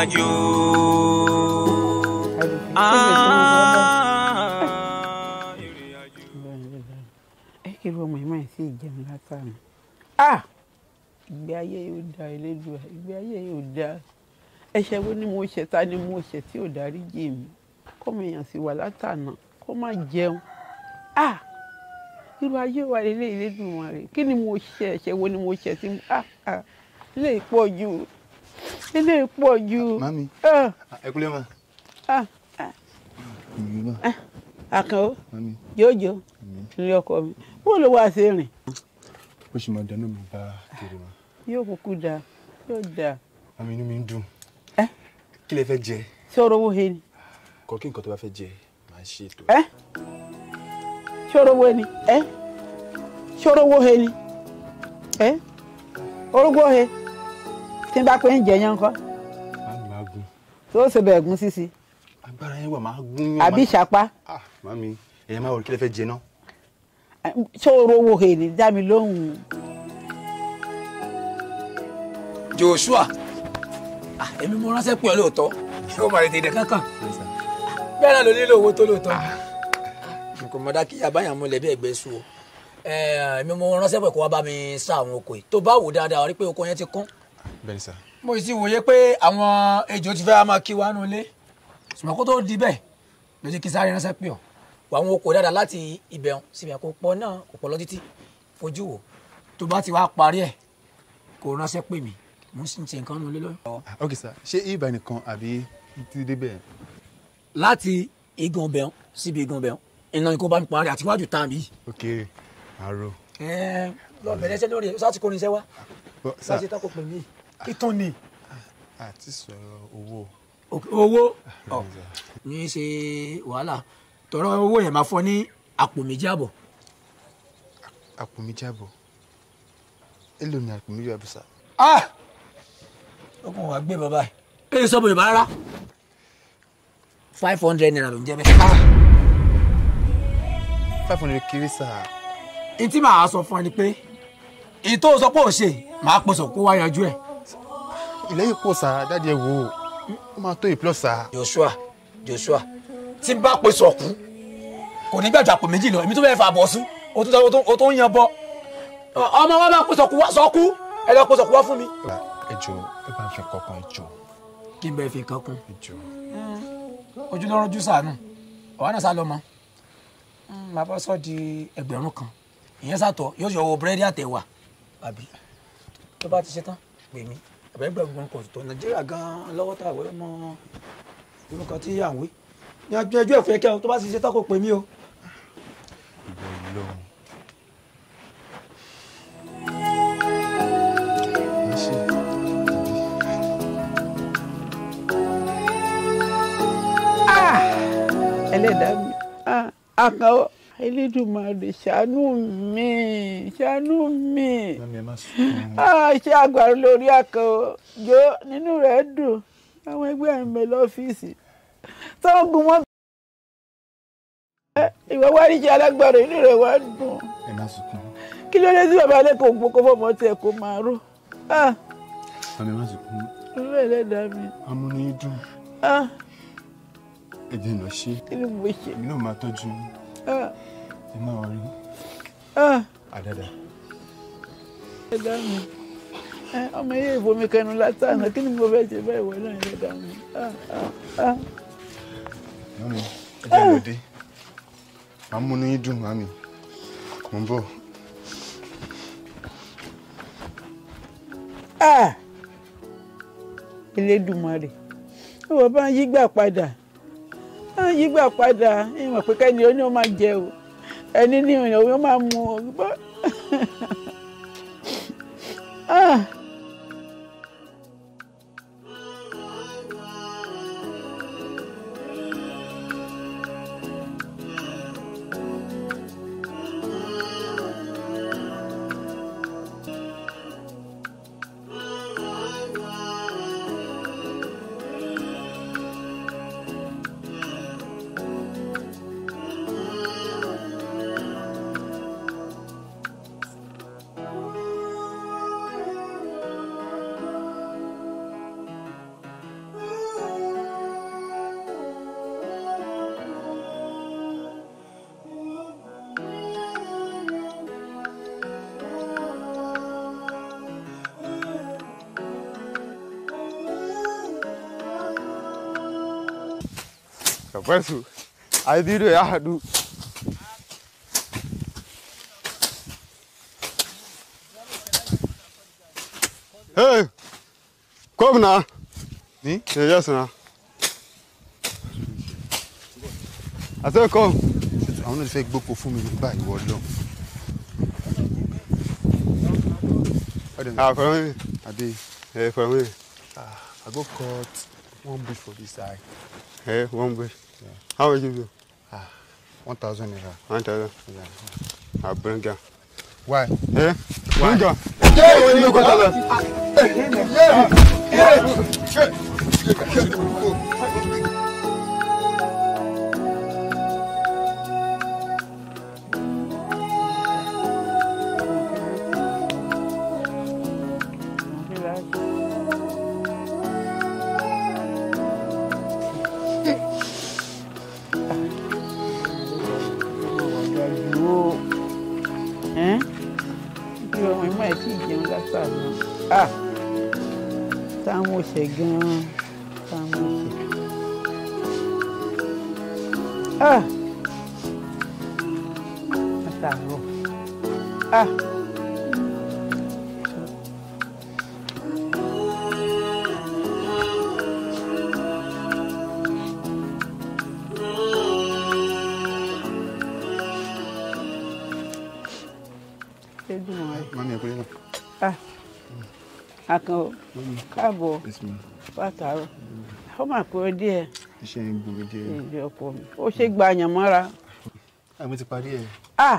àjò. Ah. ẹ kí ló mọ ẹ máa sì jẹun látàmú. Ah! ìgbé ayé yóò da Elédùà ìgbé ayé yóò da ẹ̀ṣẹ̀ wo ni mo ṣẹ̀ ta ni mo ṣẹ̀ tí ò dárí jì mí kó mi yàn sí wà látànà kó má jẹun ah! irú ayé wa lè lè Elédùmarè kí ni mo ṣẹ̀ ẹ̀ṣẹ̀ wo ni mo ṣẹ̀ tí mo ilé ìpọ́jú ilé pọ̀ ju. mami ẹ kúlẹ̀ ma. àkànó jòjò lórí ọkọ mi wọ́n ló wá sí rìn. ó sì máa dáná mi bá kiri ma. yóò kúkú da yóò da. mami inú mi ń dùn kí lẹ fẹ́ jẹ. sọ̀rọ̀ owó he ni. kọ kí nǹkan tó bá fẹ́ jẹ màá ṣe ètò. sọ̀rọ̀ owó he ni sọ̀rọ̀ owó he ni orúkọ he tí n bá pé ń jẹ yẹn ńkọ́. tó ṣe bẹ̀ ẹ̀gún agbára yẹn wà ah, máa gún yàn. àbí ìṣapá. mami ẹ̀yẹ máa wọ̀ kí lẹ fẹ́ jẹ náà. ṣòro wo èlé dá mi lóhùn. Joshua ah, èmi mo ránṣẹ́ pé ọ lóòótọ́ yóò máa retí ìdẹ kankan bẹ́ẹ̀ náà ló nílò owó tó lóòótọ́ ah. kò mọ̀ dá kí abáyàn múlẹ̀ bí ẹgbẹ́ sùn o eh, èmi mo ránṣẹ́ pé kó wá bá mi sá àwọn oko yìí tó bá wò dáadáa rí pé oko yẹn ti kún bẹ́ẹ̀ sà. mo sì wòye pé àwọn ejò ti fẹ́ máa kí wa nù ilé ṣùgbọ́n kó tó di bẹ́ẹ̀ ló kí sáré ránṣẹ́ pé ọ̀ wà àwọn okò dáadáa láti ibẹ̀ hàn síbi àkókò pọ̀ náà kò pọ̀ lọ fojú wò tó bá ti wá parí ẹ̀ kò ránṣẹ́ pè mí mo sì ń ṣe nǹkan nù ilé lọ́wọ́. ok sà ṣé ibà nìkan àbí ti dé bẹ́ẹ̀. láti igun ọbẹ̀ hàn síbi igun ọbẹ̀ hàn iná ikú bá mi parí àtiwájú tàbí. ok àrò. ẹ lọ bẹ̀rẹ̀ iṣẹ́ lórí ẹ̀ sátìkọrin ìtàn ni. àti sọ̀rọ̀ owó. owó ọ̀ ní í ṣe wàhálà tọrọ owó yẹn máa fọ ní àpò méjì àbọ̀. àpò méjì àbọ̀ èló ni àpò méjì àbọ̀ sá. Ah! ọkùnrin wa gbé bàbá yìí. èyí sọ bòyìnbá rárá five hundred naira ló ń jẹ bẹ́ẹ̀. Ah! five hundred kiri sáà. n tí màá sọ fún ẹ ni pé ìtò sọ pé ò ṣe màá pèsè kó wá yanjú ẹ ilẹ̀ yìí pọ̀ sá dáàdi ẹ wò ó máa tó ìpìlọ̀ sá. Joshua Joshua tí n bá pe sọ̀kú kò ní gbàgbà pò méjì lọ èmi tó fẹ́ fà bọ̀ sún o tó ń yan bọ ọmọ wa máa pe sọ̀kú wá sọ̀kú ẹ lọ pe sọ̀kú wá fún mi. ẹ jọ ẹ bá fi kankan ẹ kí n bẹ fi kankan. ẹ ojú lọ́rọ́ jù sànù ọ̀hánà sá lọ mọ́ hmm, màá sọ di ẹgbẹ̀rún kan ìyẹn sàtọ̀ yóò yọ owó búrẹ́dì àtẹ̀wà àbí tó bá ti ṣe tán pè mí àbẹ́ gbàgbọ́ gan kọ̀ọ̀tù tó nàìjíríà gan lọ́wọ́ tá àwẹ́ mọ irun kan tí à ń wí ní ọjọ́ ẹjọ́ ẹ̀fọ́ ẹ̀kẹ́ o tó bá ti ṣe tako pè mí o. ìwọ ìlọrin ah! ẹlẹ́dàá mi ah! àkànwọ́ elédùnmarè ṣàánú mi ṣàánú mi ṣé agbára lórí àkàn o jọ nínú rẹ̀ dùn àwọn ẹgbẹ́ àìmọ̀ lọ́fíìsì tó ń gun wọn. ìwọ wá rí iṣẹ́ alágbára inú rẹ̀ wá dùn kí ló dé tí bàbá alẹ́ kò gbó kó fọmọ tiẹ̀ kó máa ró. àmì má sì kú. olú ẹlẹ́dàá mi. amúniyín dùn. ẹ̀jẹ̀ lọ ṣe. kí ló mo ṣe. èmi náà máa tọ́jú Emma Ori. Ah. Adada. Ẹ̀dá mi. Eh, ọmọ yẹ ìbomi kẹnu látàná kí ni mo fẹ́ ṣe báyìí wọ náà ẹ̀dá mi. Ah, ah, ah. Mami, ẹ jẹ́ lóde. Màá múnú yín dùn mami. Mo ń bọ̀. Elédùmarè. Ìwọ bá ń yígbà padà. Bá ń yígbà padà. Ìmọ̀ pé kẹ́ni ó ní ó máa jẹ o. ẹni ní ìrìn òun máa mú ọ wasu a bidiyo ya haɗu hey come gwamna ni ya ja suna a sai kom àwọn náà ti fẹ́ gbóko fún mi nígbà ìwọ lọ. àfọwọ́n mi àbí ẹ̀ fọwọ́n mi. i go cut one bush for this side. Hey, one bush. Yeah. How much you do? Ah, one thousand naira. One thousand. Yeah. I ah, bring her. Why? Eh? Why? Bring her. Yeah, you only got thousand. Yeah. Yeah. Yeah. káàbọ̀ látàárọ̀ ó mà pé ó díẹ̀ iṣẹ́ ń gbòòrò díẹ̀ ìdí ọkọ mi ó ṣe gba àyàn mọ́ra. àmì ah, ti parí ẹ̀. a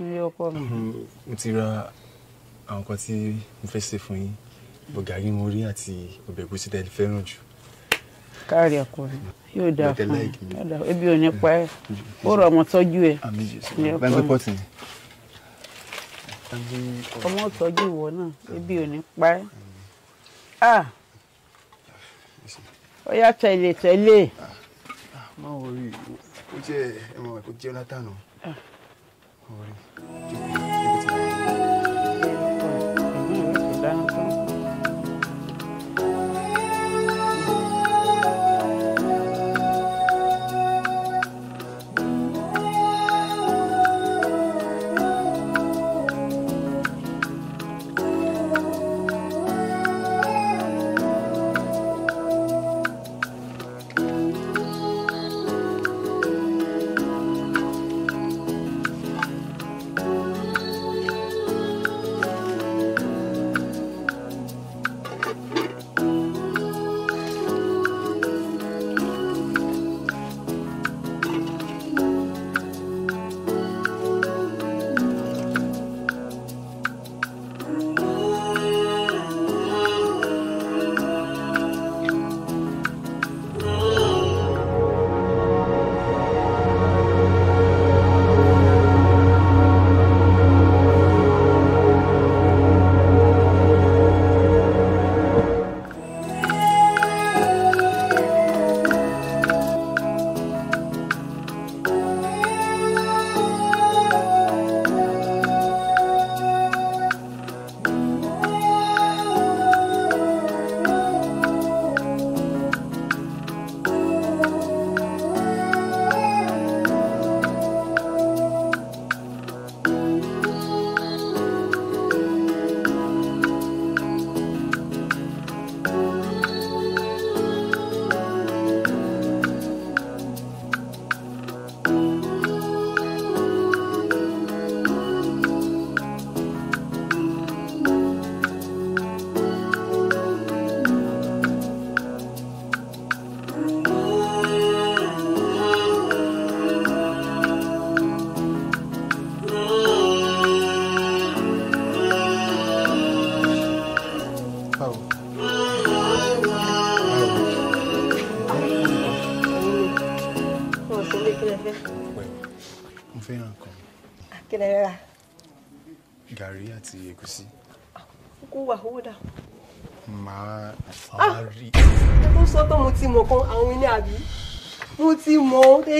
ìdí ọkọ mi. Mhm. mo ti ra àwọn kan tí mo fẹ́ ṣe fún yín bọ̀ gàrí mo rí àti ọbẹ̀ ẹ̀gúsí tẹ́lẹ̀ fẹ́ràn jù. káàrí ọkọ mi yóò dáa fún mi ebi ò ní pa ẹ ó rọ ọmọ tọ́jú ẹ ìdí ọkọ mi ọmọ tọ́jú ìwọ náà ebi ò ní pa ẹ. Ah, yá tẹ̀lé tẹ̀lé. má wọrí kó jẹ́ ẹ̀wọ̀n kó jẹ́ látànà.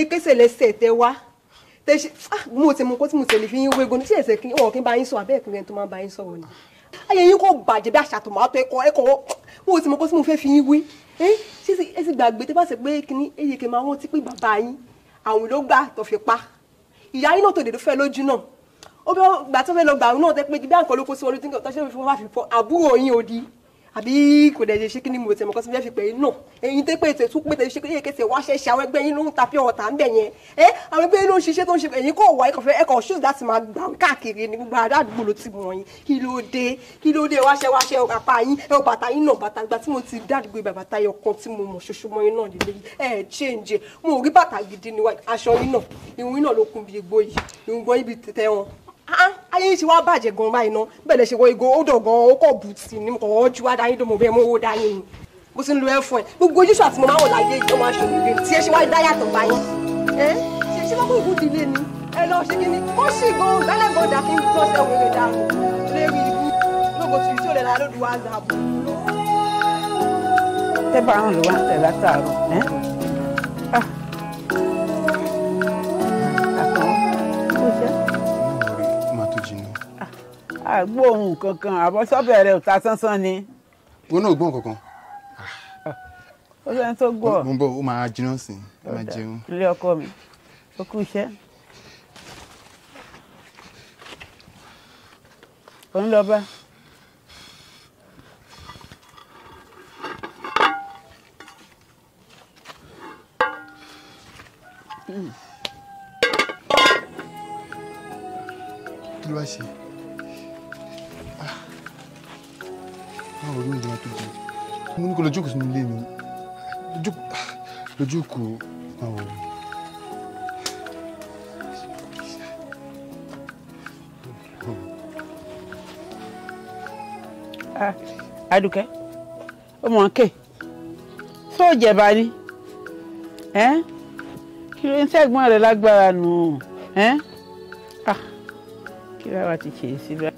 ekésè lẹ́sẹ̀ tẹ wá tẹsí ah, mo ti mú kó tí mo tẹ̀lé fi yín wégun tí ẹ̀sẹ̀ kí wọn kí n bá yín sọ abẹ́ ẹ̀kúnrẹ́ tó máa bá yín sọ̀rọ̀ ni ayé yín kò bàjẹ́ bí àṣà tomato. ẹ̀kọ́ ẹ̀kọ́ mo ti mú kó tí mo fẹ́ fi yín wí ẹ sì gbàgbé tó bá ṣe pé kíní eye kì máa wọ́n ti pé bàbá yín àwọn ló gbà to fi pa ìyá yín náà tó dèdè fẹ́ lójú náà ó bẹ́ gbà tó fẹ́ lọ gbà àwọn náà tẹ́ pé bí àǹkọ́ ló kó sí wọn lójú tó ṣe fi wọ́n wá fi fọ àbúrò yín òdi àbí kò dẹ̀ ṣe ṣé kí ni mo tẹ̀ mọ́kàn sí fẹ́ fi pè é nù ẹ̀yin tó pè tẹ̀ tún pè tẹ̀ ṣe kí ẹ̀kẹ́ tẹ̀ wá ṣẹ̀ṣẹ̀ àwọn ẹgbẹ́ yín ló ń ta pure water ń bẹ̀ yẹn ẹ́ àwọn ẹgbẹ́ yín ló ń ṣiṣẹ́ tó ń ṣe ẹ̀yin kò wá ẹ̀kọ́ fẹ́ ẹ̀kọ́ ṣùgbọ́n láti máa gbà ń káàkiri ní gbogbo ará àdúgbò ló ti mọ̀ yín kí ló dé kí ló dé wáṣẹ wáṣẹ apá yín ẹ ò bàtà yín náà bàtà gba tí mo ti dádìgbò ìbà bàtà yọ kan tí mo mọ̀ ṣoṣo mọ́ yín náà lélẹ́yìn ẹ ẹ change e. mo rí bàtà gidi ni aṣọ yín náà ìwọ̀n yín náà ló kún bí egbò yìí ìwọ̀n yín bí tẹ́wọ̀n Ah, ah, ayé ti wá bàjẹ́ gan báyìí ná bẹ́ẹ̀ lẹ ṣe wọ igo ó dọ̀ gan ó kọ̀ bù sí ni mo kàn wọ́n ju wá dání dòmò bẹ́ẹ̀ mo wò dání ni mo ti ń lo ẹ̀fọn ẹ̀ gbogbo ojúṣe àti mo máa wọ̀ láyé ìjọba aṣòwòrán tí ẹ ṣe wá dá yàtọ̀ báyìí ẹ ṣe ṣe lọ́kùn ìkú ìdílé ni ẹ lọ ṣe kí ni kó sì gan lẹ́lẹ́gbọ̀dà kí n tọ́ sẹ́ wẹ̀rẹ̀ dà lérí ikú lóko tìrì tí ò lè la lódù wá zàbù. tẹ́ bá àgbóhùn kankan àbọ̀ sọ́bẹ̀ rẹ̀ ò ta sánsán ni. wọn náà gbọ́n kankan. ó sẹ́ni tó gbọ́. mo ń bọ̀ ó máa jiná sí i máa jẹun. ilé ọkọ mi ó kú iṣẹ́. ò ń lọ bá. kí ló wá ṣe. báwo ló ń jẹun tó jẹun mo ní kó lọ jókòó sínú ilé mi lójú kò báwo ni. Adúkẹ́ ọmọ nke sóòjẹba ni kí ló ń sẹ́gbọ́n rẹ̀ lágbára nù ah, kí láwa ti ṣe é síbẹ̀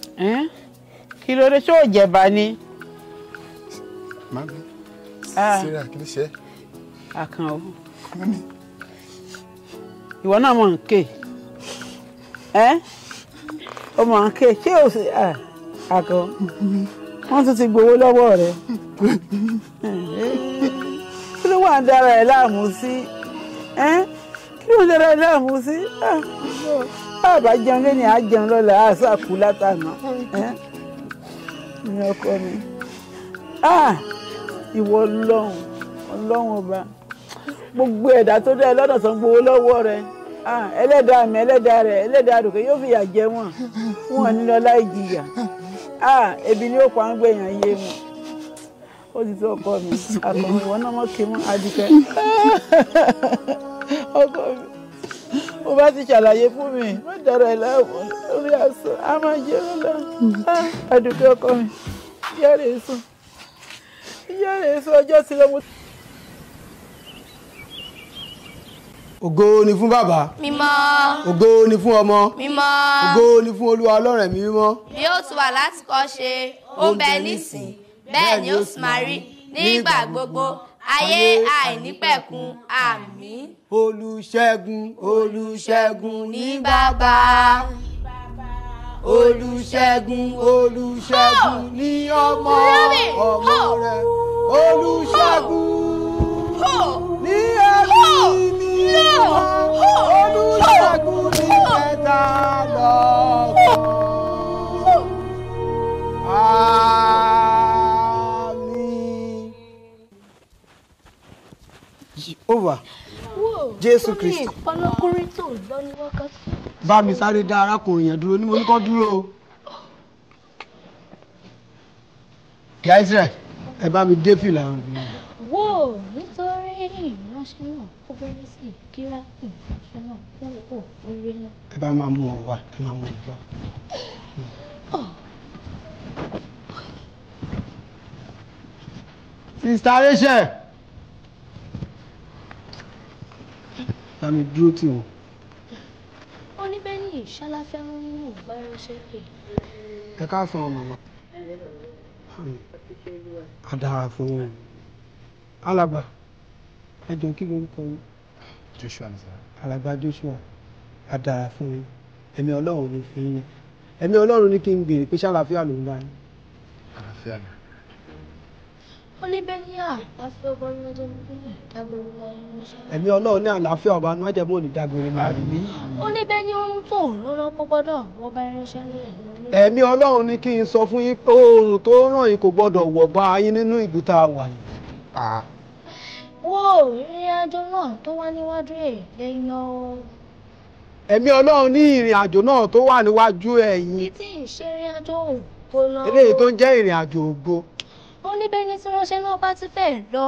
kí ló dé sóòjẹba ni. Mami, Sarah kì í ṣe. Àkàn o. Ìwọ náà mọ̀ ń ké. Ẹ́ o mọ̀ ń ké ṣé o sì ah, àkàn. Wọ́n tún ti gbowó lọ́wọ́ rẹ̀. Kí ló wà ń dára ẹ̀ láàmú sí? Kí ló ń dára ẹ̀ láàmú sí? Bàbá ah, jẹun lé ní àjẹun lọ́la àṣà kú látàná. Ní ọkọ mi. Ah, ìwọ ọlọ́run ọlọ́run ọba gbogbo ẹ̀dá tó dá ẹ lọ́nà tó gbowó lọ́wọ́ rẹ ẹlẹ́dàá mi ẹlẹ́dàá rẹ ẹlẹ́dàá àdùkẹ́ yóò fìyà jẹ wọn wọn nínú ọlá ìjìyà ebi ni ó pa ń gbẹ̀yàn yé ó ti tó ọkọ mi ìwọ náà mọ̀ kí iye èso ọjọ́ ti lọ́mú. ògo ni fun baba. mímọ́. Ogo ni fun ọmọ. mímọ́. Ogo ni fún olúwa ọlọ́run ẹ̀mí mímọ́. bí ó ti wà láti kọ́ ṣe ó ń bẹ nísìn bẹ́ẹ̀ ni ó sì máa rí nígbà gbogbo ayé àìnípẹ̀kun àmín. ni bàbá olùṣègùn olùṣègùn ní ọmọ ọmọ rẹ olùṣègùn ní ẹbí mi olùṣègùn ní ẹ̀dá lọ́kàn. àmín. Jehovah Jésù Kristi. ọlọ́kùnrin tó lọ ní wákàtí bá mi sáré dá arákùnrin yẹn dúró ní mo ní kó dúró ìyá Israel ẹ bá mi dé fìlà ọ̀hún. wo nítorí ìránṣẹ́ náà ó bẹ̀rẹ̀ sí kíra ìránṣẹ́ náà ó ó orí náà. ẹ bá máa mú ọ wá ẹ máa mú ọ wá. sista Rachel bá mi dúró tì Hey, ṣáláfẹ́ ń mú báyọ̀ ṣe pé. Ẹ káàsán ọmọ wa. A dára fún wọn. Alaba ẹ jọ kí lórúkọ yín. Joshua ni sá. Alàgbà Joshua, a fún yín. Ẹ̀mí Ọlọ́run ni fi yín. Ẹ̀mí ni kí n béèrè pé ṣáláfíà ló ń bá yín. Àlàáfíà ni ẹ̀mí ọlọ́run ní àlàáfíà ọba ní òní dágbére máa rí bí. ó ní bẹ́ẹ̀ ni ó ń tò lọ́nà gbọ́dọ̀ wọ́n bá irinṣẹ́ náà. ẹ̀mí ọlọ́run ní kí n sọ fún yín pé oòrùn tó ràn yín kò gbọ́dọ̀ wọ̀ bá yín nínú ìlú tá a wà yìí. wo ìrìn àjò náà tó wá níwájú ẹ̀ lẹ́yìn ọ́. ẹ̀mí ọlọ́run ní ìrìn àjò náà tó wà níwájú ẹ̀yìn. kí tí ì ó ní bẹ́ẹ̀ ni tí wọ́n ṣe náà bá ti fẹ́ lọ.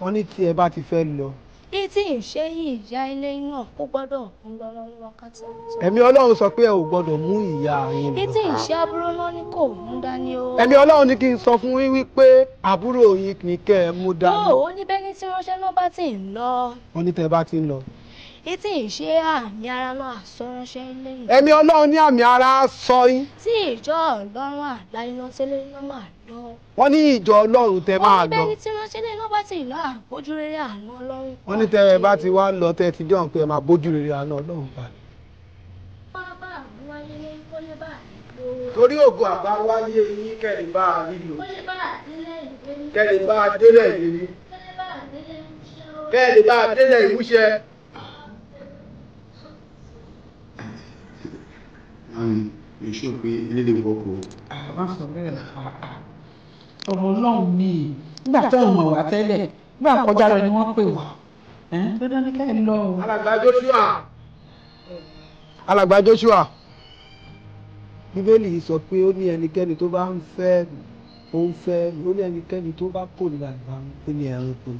wọ́n ní tí ẹ bá ti fẹ́ lọ. ní tí ìṣe yìí ìyá ilé náà ó gbọ́dọ̀ ń lọ lọ́wọ́ wákàtí. ẹ̀mí ọlọ́run sọ pé ẹ ò gbọ́dọ̀ mú ìyá yín lọ. ní tí ìṣe àbúrò náà ni kò mú dání o. ẹ̀mí ọlọ́run ní kí n sọ fún yín wípé àbúrò yín ni kẹ́ ẹ mú dání. ó ní bẹ́ẹ̀ tí wọ́n ṣe náà bá ti ń lọ. wọ́n ní tẹ́ bá ti ń lọ etí ìṣe àmì ara náà sọ ránṣẹ́ lẹ́yìn. ẹ̀mí ọlọ́run ní àmì ara sọ yín. tí ìjọ ọlọ́run àláyé lọ sílé náà máa lọ. wọ́n ní ìjọ ọlọ́run tẹ máa lọ. wọ́n ní bẹ́ẹ̀ tí ránṣẹ́ lẹ́yìn náà ti lọ àbójú rere àánú ọlọ́run. wọ́n ní tẹ́rẹ̀ bá ti wá lọ tẹ́ ti dán pé máa bójú rere àánú ọlọ́run balẹ̀. torí ògo àbá wáyé yín kẹ́lẹ̀ bá a rí lò kẹ́lẹ̀ bá a délẹ̀ yìí kẹ́lẹ̀ bá a délẹ̀ ìmúṣẹ. you sure pé eléyìí lè work o. Ah, má sọ bẹ́ẹ̀ ah, ah. ọ̀rọ̀ ọlọ́run ni nígbà tẹ́ ò mọ̀ wá tẹ́lẹ̀ nígbà kọjá lọ ni wọ́n pè wá dandan ni ká lọ alàgbà Joshua alàgbà Joshua bíbélì sọ pé ó ní ẹnikẹ́ni tó bá ń fẹ́ ó ń fẹ́ ó ní ẹnikẹ́ni tó bá kò ní àgbà ó ní ẹranko.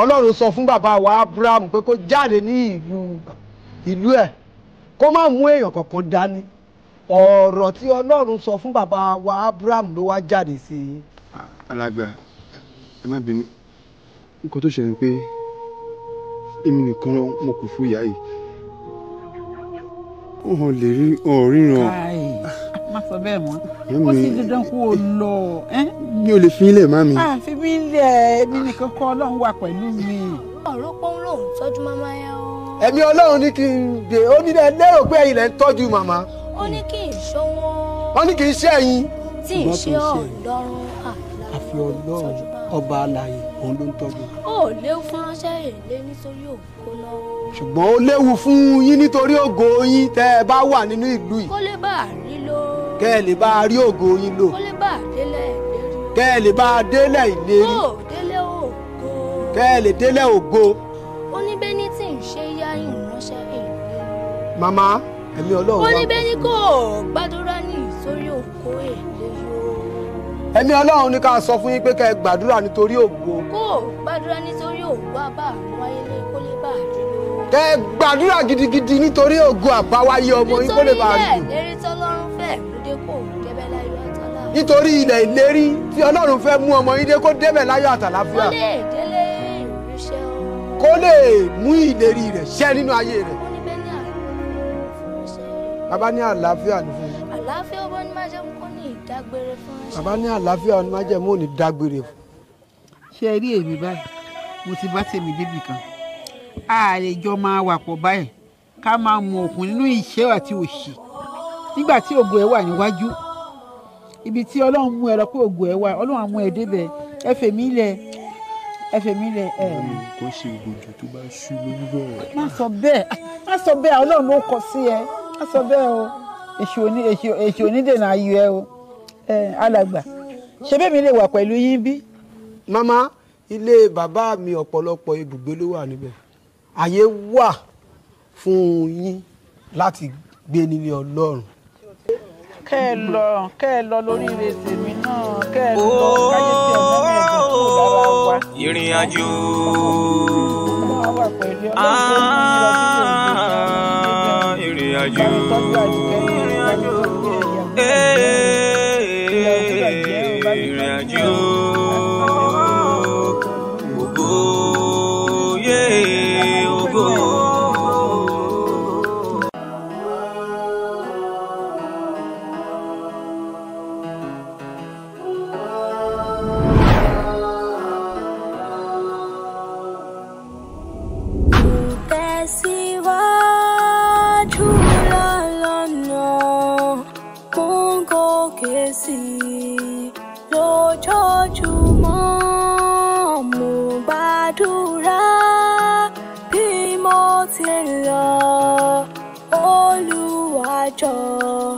ọlọ́run sọ fún bàbá wa Abraham pé kó jáde ní ìlú ẹ̀ kó má mú èèyàn kankan dání ọ̀rọ̀ tí ọlọ́run sọ fún bàbá wa abraham ló wá jáde sí i. alàgbà ẹ má bínú nǹkan tó ṣẹlẹ̀ pé èmi nìkan mo kù fún ìyá yìí wọn lè rí ọ̀rọ̀ ríran. káyì má sọ bẹ́ẹ̀ mọ́ ó sì dandan kó o lọ. mi ò lè fi ilẹ̀ má mi. àfi mi ilẹ̀ èmi nìkan kọ́ ọlọ́run wà pẹ̀lú mi. ọ̀rọ̀ pọ́n lòun tọ́jú mámáyá o ẹ̀mí ọlọ́run ní kí n gbé ó ní lérò pé ẹ̀yin lẹ̀ ń tọ́jú màmá. ó ní kí n ṣọ́ wọn. wọ́n ní kí n ṣe ẹ̀yin. tí ì ṣe ọlọ́run àfi ọlọ́run ọba alààyè òun ló ń tọ́jú. ó léwu fún ránṣẹ́ èlé nítorí ògo lọ́wọ́. ṣùgbọ́n ó léwu fún yín nítorí ògo yín tẹ́ ẹ bá wà nínú ìlú yìí. kó lè bá a rí lò. kẹ́ ẹ lè bá a rí ògo yín lò. kó lè bá a délẹ̀ ìlérí. kẹ́ ẹ lè bá a délẹ̀ ìlérí màmá ẹ̀mí ọlọ́run wà. ó ní bẹ́ẹ̀ ni kò gbàdúrà ní ìsórí òkú ẹ̀ lẹ́yọ. ẹ̀mí ọlọ́run ní ká sọ fún yín pé ká ẹ gbàdúrà nítorí ògo. kò gbàdúrà nítorí ògo àbá wáyé lé kó lè bá àdúrà. kẹ ẹ gbàdúrà gidigidi nítorí ògo àbáwáyé ọmọ yín kó lè bá àdúrà. nítorí ilẹ̀ ìlérí tí ọlọ́run fẹ́ mú ọmọ yín dé kó débẹ̀ láyọ̀ àtàlà fúra. kó lè délé ìrúṣẹ́ o. kó lè mú ìlérí rẹ̀ ṣẹ nínú ayé rẹ̀ bàbá ní àlàáfíà ní fún yín. àlàáfíà ọmọ ní májẹ̀mú kò ní ìdágbére fún ẹṣẹ. bàbá ní àlàáfíà ọmọ ní májẹ̀mú ò ní dágbére fún. ṣé ẹ rí èmi báyìí mo ti bá tèmi débì kan a lè jọ máa wà pọ̀ báyìí ká máa mu òkun nínú ìṣẹ́ àti òṣì nígbà tí ògo ẹ wà níwájú ibi tí ọlọ́run mú ẹ lọ pé ògo ẹ wà ọlọ́run á ẹ débẹ̀ ẹ fèmí lẹ̀ ẹ fèmí lẹ̀ ẹ. kò ṣe ògòjò tó bá ṣú lórúkọ rẹ. má sọ bẹ́ẹ̀ má sọ bẹ́ẹ̀ ọlọ́run ló kọ sí ẹ a sọ bẹ́ẹ̀ o èṣù onídènà ayọ̀ ẹ o alàgbà ṣé bẹ́ẹ̀ mi lè wà pẹ̀lú yín bí. màmá ilé bàbá mi ọ̀pọ̀lọpọ̀ ibùgbé ló wà níbẹ̀ àyè wà fún yín láti gbé nílé ọlọ́run kẹ́ ẹ lọ kẹ́ ẹ lọ lórí ìrètí mi náà kẹ́ ẹ lọ káyé ọ̀gá mi ẹ̀jọ̀ tó ń lọ ìrìn àjò. 愿。中。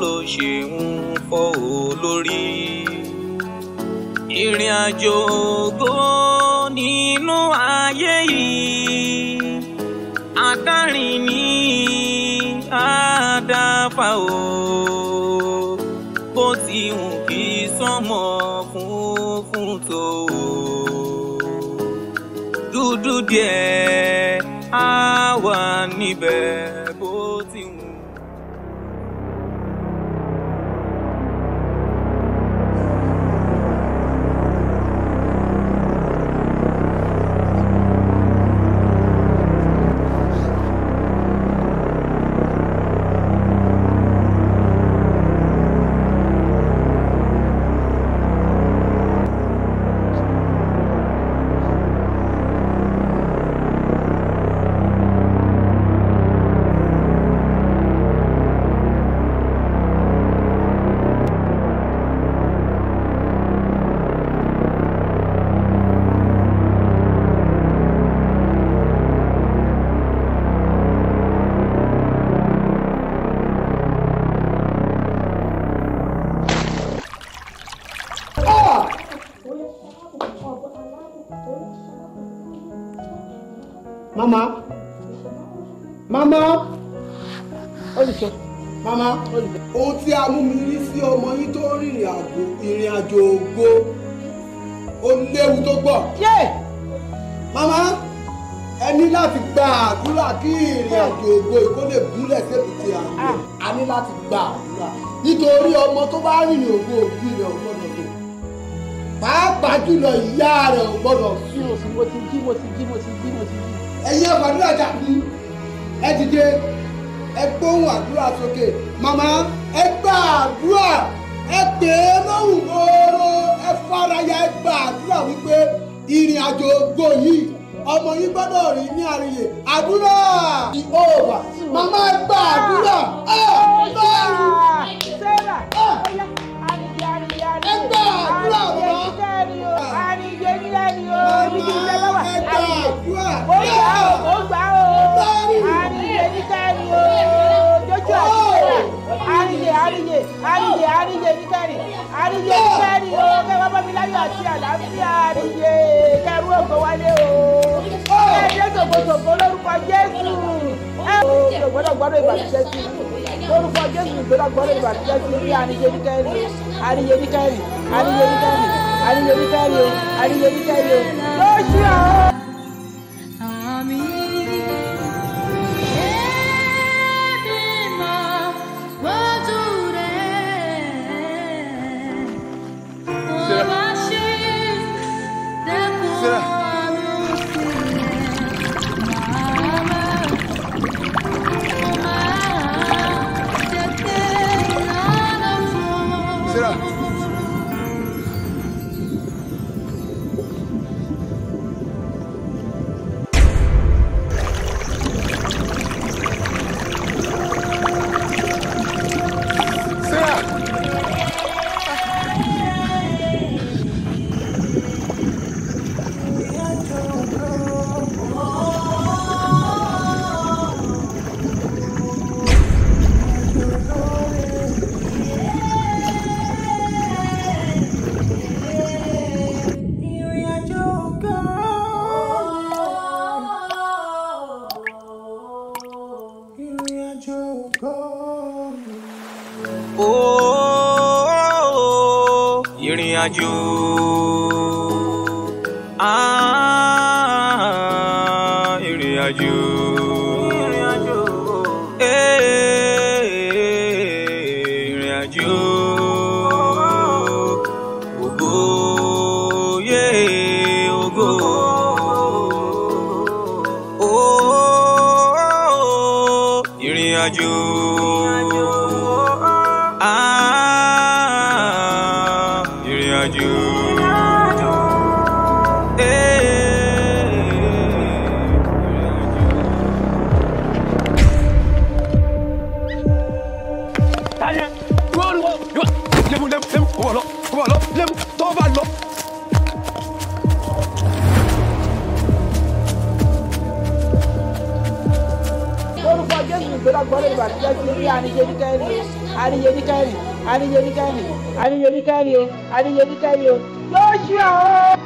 ló ṣe ń fọ́ o ìrìn àjò ògo nínú ayé yìí adárin ní àdáfà o bó ti hù kí sọmọ funfun tó o dúdú díẹ̀. ohun tí a mú mi rí sí ọmọ yín tó rìnrìn àjò ìrìn àjò ògo ó léwu tó gbọ́. màmá ẹ ní láti gba àdúrà kí ìrìn àjò ògo ìkó lè gúnlẹ̀ sébùtì àná ah! a ní láti gba àdúrà nítorí ọmọ tó bá rìnrìn ògo òbí rẹ̀ ò gbọ́dọ̀ lò pàápàá jùlọ ìyá rẹ̀ ò gbọ́dọ̀ sùn. mo ti jí mo ti jí mo ti jí mo ti jí. ẹ̀yin ẹ̀fọ́ àdúrà jà ní ẹ dìde ẹ gbóhùn àdúrà sókè màmá ẹ gba àdúrà ẹ pè é lóhùn gbòòrò ẹ faraya ẹ gba àdúrà wípé ìrìn àjò ògo yìí ọmọ yìí gbọ́dọ̀ rí ní àríyè àdúrà ìhòòhà màmá ẹ gba àdúrà àríyé mi kẹrin àríyé mi kẹrin o kẹwàá bọ́ mi láyọ̀ àti àlàáfíà àríyé kẹrù ògo wálé o kẹjẹ tògbòtògbò lórúkọ Jésù ẹ o gbọ́dọ̀ gbọ́dọ̀ ìbànújẹ́ sí lórúkọ Jésù gbọ́dọ̀ gbọ́dọ̀ ìbànújẹ́ sí bí àríyé mi kẹrin àríyé mi kẹrin àríyé mi kẹrin àríyé mi kẹrin o àríyé mi kẹrin o lóṣù àwọn. àjò. ìrìn àjò. ìrìn àjò. ògo yé ògo. ìrìn àjò. àtijọ́ àníyé ní kẹ́rì àníyé ní kẹ́rì àníyé ní kẹ́rì àníyé ní kẹ́rì o àníyé ní kẹ́rì o lóṣù àwọn.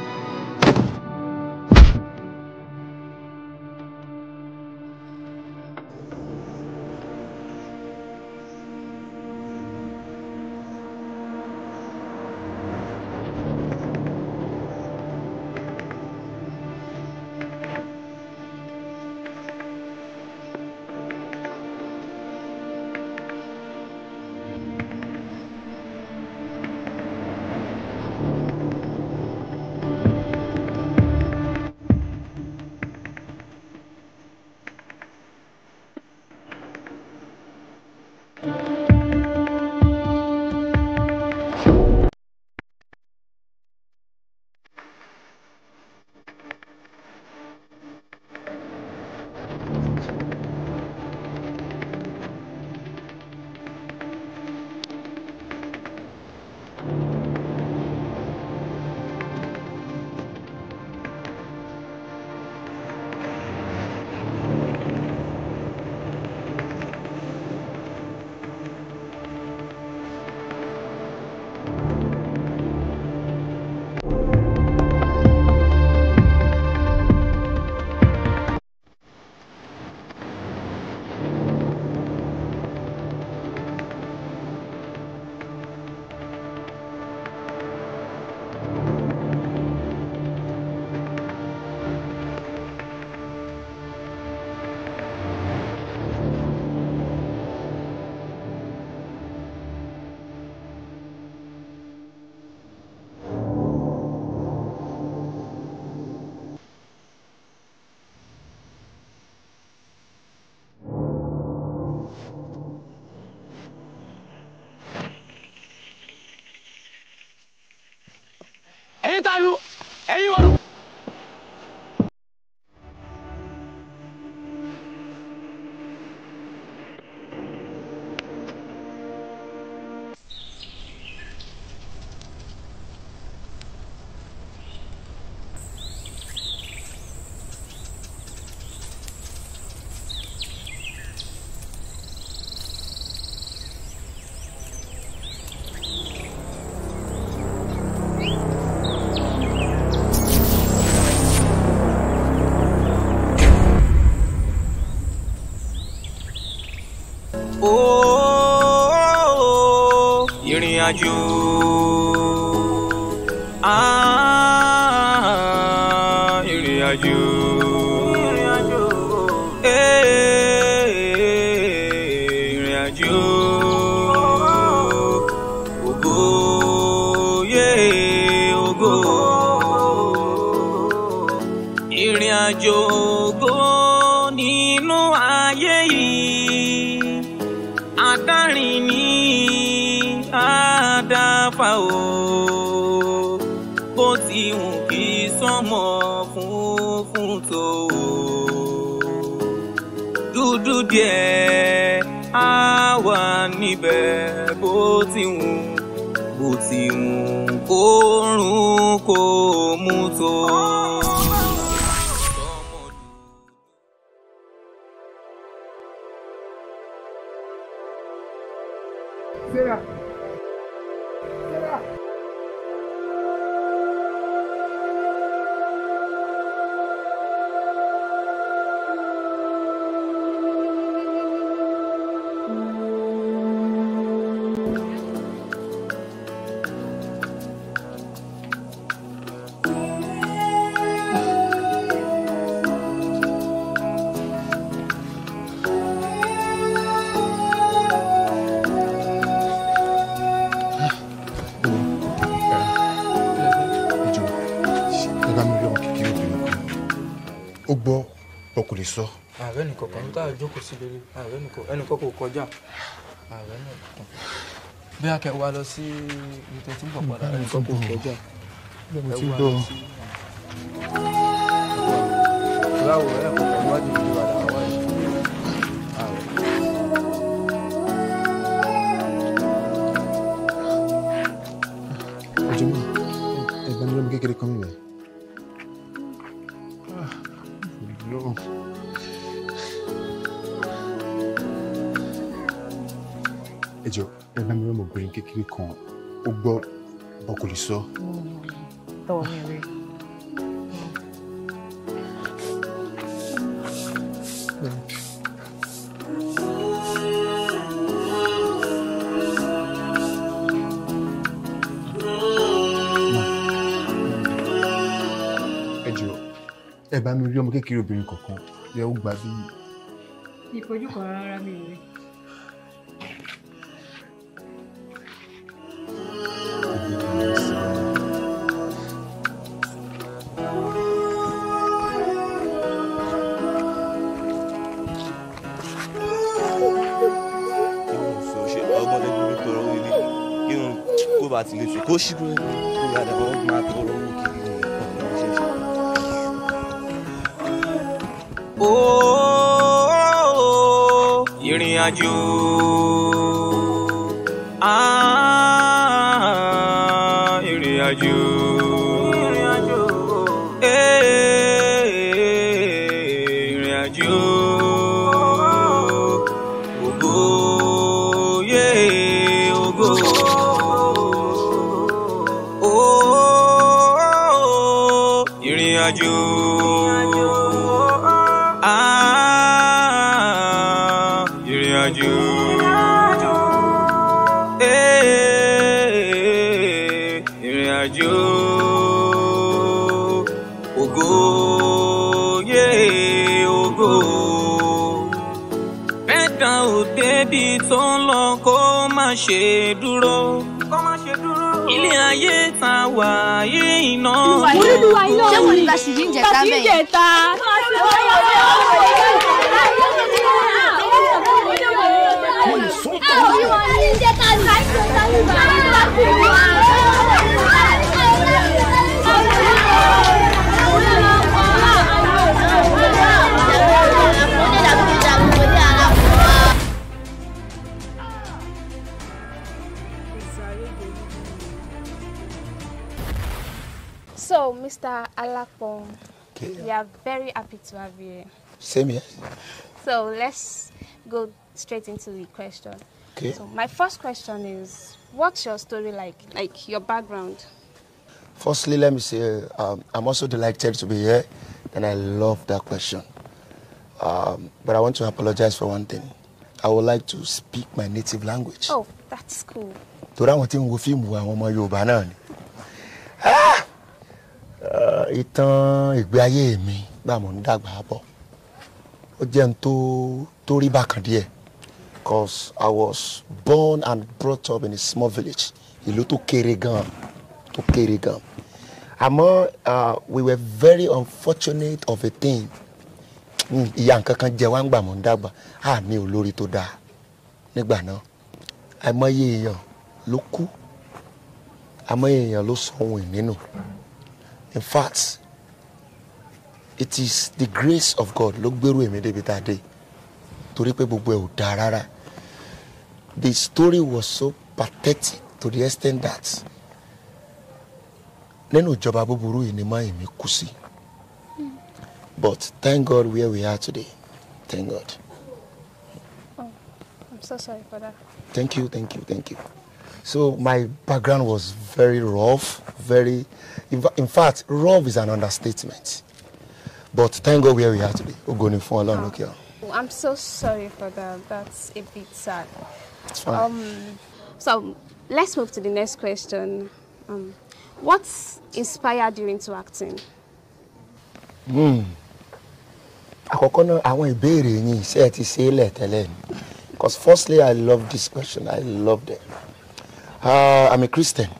Ni àdáfà o bó ti wù kí sọmọ funfun tó o dúdú díẹ̀ á wà níbẹ̀ bó ti wù bó ti wù kó rùn kó mú tó o. kọjá ààrẹ náà kàn bí akẹ́wà lọ sí ibi tó ti ẹ̀ ń kọjá ẹ̀ wà lọ sí. ẹ bá mi rí ọmọ kékeré obìnrin kankan yẹ ó gbà bí. ìfojú kan rárá mi ò rí. bá ti lè fi kó ṣíkú na you. tó ń lọ kó má ṣe dúró. kó má ṣe dúró. ilé ayé ta wà yé iná. olúwa iná ṣé wọn ní ta sì jí ń jẹta bẹ́ẹ̀. ta sì ń jẹta. mo lè sọ́kàn. ẹ ò yí wọn ní jẹ́ta ní. Mr. Alakpong. Okay. We are very happy to have you here. Same here. So let's go straight into the question. Okay. So my first question is, what's your story like? Like your background? Firstly, let me say um, I'm also delighted to be here, and I love that question. Um, but I want to apologize for one thing. I would like to speak my native language. Oh, that's cool. Torí ìtàn ìgbé ayé mi gbà mọ̀ ń dàgbà bọ̀ ó jẹ́ n tó tó rí bákan díẹ̀ because I was born and brought up in a small village ìlú tó kéré gan tó kéré gan àmọ́ we were very unfortunate of a thing ìyà nǹkan kan jẹ wá ń gbà mọ̀ ń dàgbà a ní olórí tó dáa nígbà náà àìmọye èèyàn ló kú àìmọye èèyàn ló sọ ohun ìnínú in fact it is the grace of God ló gbèrú èmi débi tá a dé torí pé gbogbo ẹ̀ ò dáa rárá the story was so pathetic to the extent that nínú ìjọba búburú yìí ni máa èmi kú sí but thank God where we are today thank God. Oh, I'm so sorry for that. Thank you, thank you, thank you. So my background was very rough, very in fact rough is an understatement but thank God where we are today ògo ni fún Ọlọ́run lókè ọ̀run. Oh, I'm so sorry for that. That's a bit sad. It's fine. Um, so let's move to the next question. Um, what inspired you into acting? Hmm. Àkọ́kọ́ náà àwọn ìbéèrè yín ṣé ẹ ti ṣe é because firstly I love this question I love it. Uh, I'm a Christian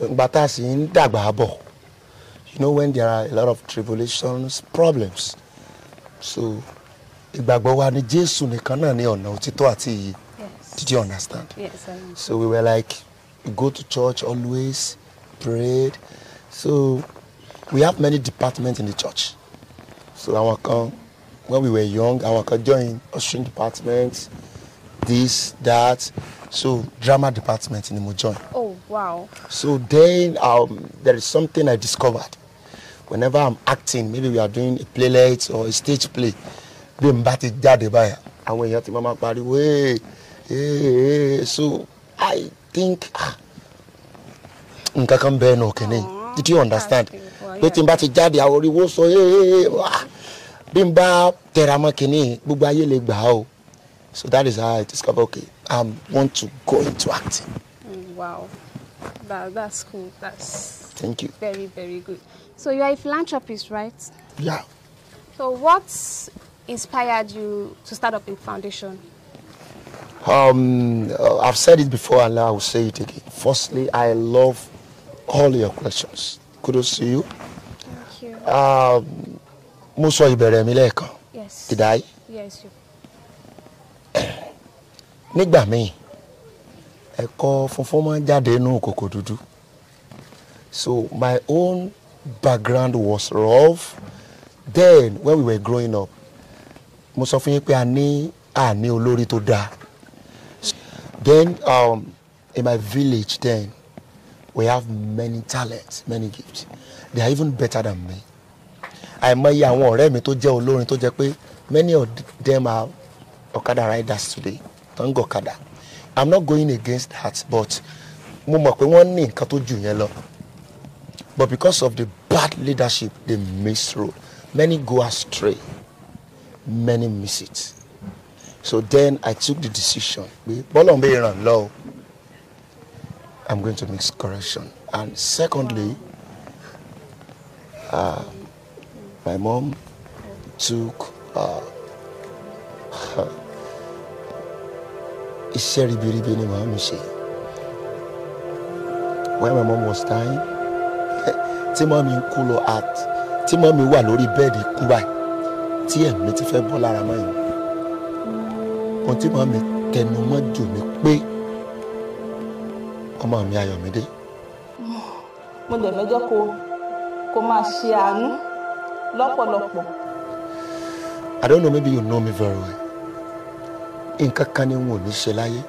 ìgbà tá a sì ń you know when there are a lot of tribulations problems so ìgbàgbọ́ wa ni Jésù nìkan náà ni ọ̀nà òtítọ́ did you understand yes, so we were like we go to church always prayed so we have many departments in the church so our kan when we were young our kan join ushering departments, this that so drama department ni mo join. Oh. Wow. So then um, there is something I discovered. Whenever I'm acting, maybe we are doing a playlet or a stage play, bí n bá ti And when you have ti mama pariwo ee so I think ah, nǹkan kan bẹ́ẹ̀ oh, did you understand? Pé tí n bá ti jáde àwọn oríwo sọ ee ah, bí n bá tẹra mọ́ kìíní gbogbo so that is how I discovered. okay I want to go into acting. Mm, wow. that's cool. That's thank you. Very, very good. So you are a philanthropist, right? Yeah. So what inspired you to start up a foundation? Um, uh, I've said it before, and I will say it again. Firstly, I love all your questions. Kudos to you. Thank you. Um, mo ìbẹ̀rẹ̀ mi Yes. Did I? Yes, you. Nígbà me. ẹ̀kọ́ funfun máa ń jáde nínú kòkò dúdú so my own background was rough then when we were growing up mo sọ fún yín pé a ní a olórí tó dáa then um, in my village then we have many talents many gifts they are even better than me àìmọye àwọn ọ̀rẹ́ mi tó jẹ́ olórin tó jẹ́ pé many of them are okada riders today tó ń gọ̀kadà i'm not going against that but mo mọ̀ pé wọ́n ní nǹkan tó jù yẹn lọ but because of the bad leadership the miss road many go astray many miss it so then i took the decision pé bọ́lá ń bẹ ràn lọ i'm going to make correction and secondly uh, my mom took uh, her. iṣẹ́ ribiribi ni màá mi ṣe when my mom was dying tí mọ́ mi ń kú lọ at tí mọ́ mi wà lórí bẹ́ẹ̀dì kú báyìí tí ẹ̀mí ti fẹ́ bọ́ lára mọ́ yìí ohun tí mọ́ mi tẹnu mọ́ jù mí pé ọmọ mi Ayọ̀mídé. mo dẹ̀ mẹ́jọ́ kó kó máa ṣe àánú lọ́pọ̀lọpọ̀. I don't know maybe you know me very well nǹkan kan ni n ò ní ṣe láyé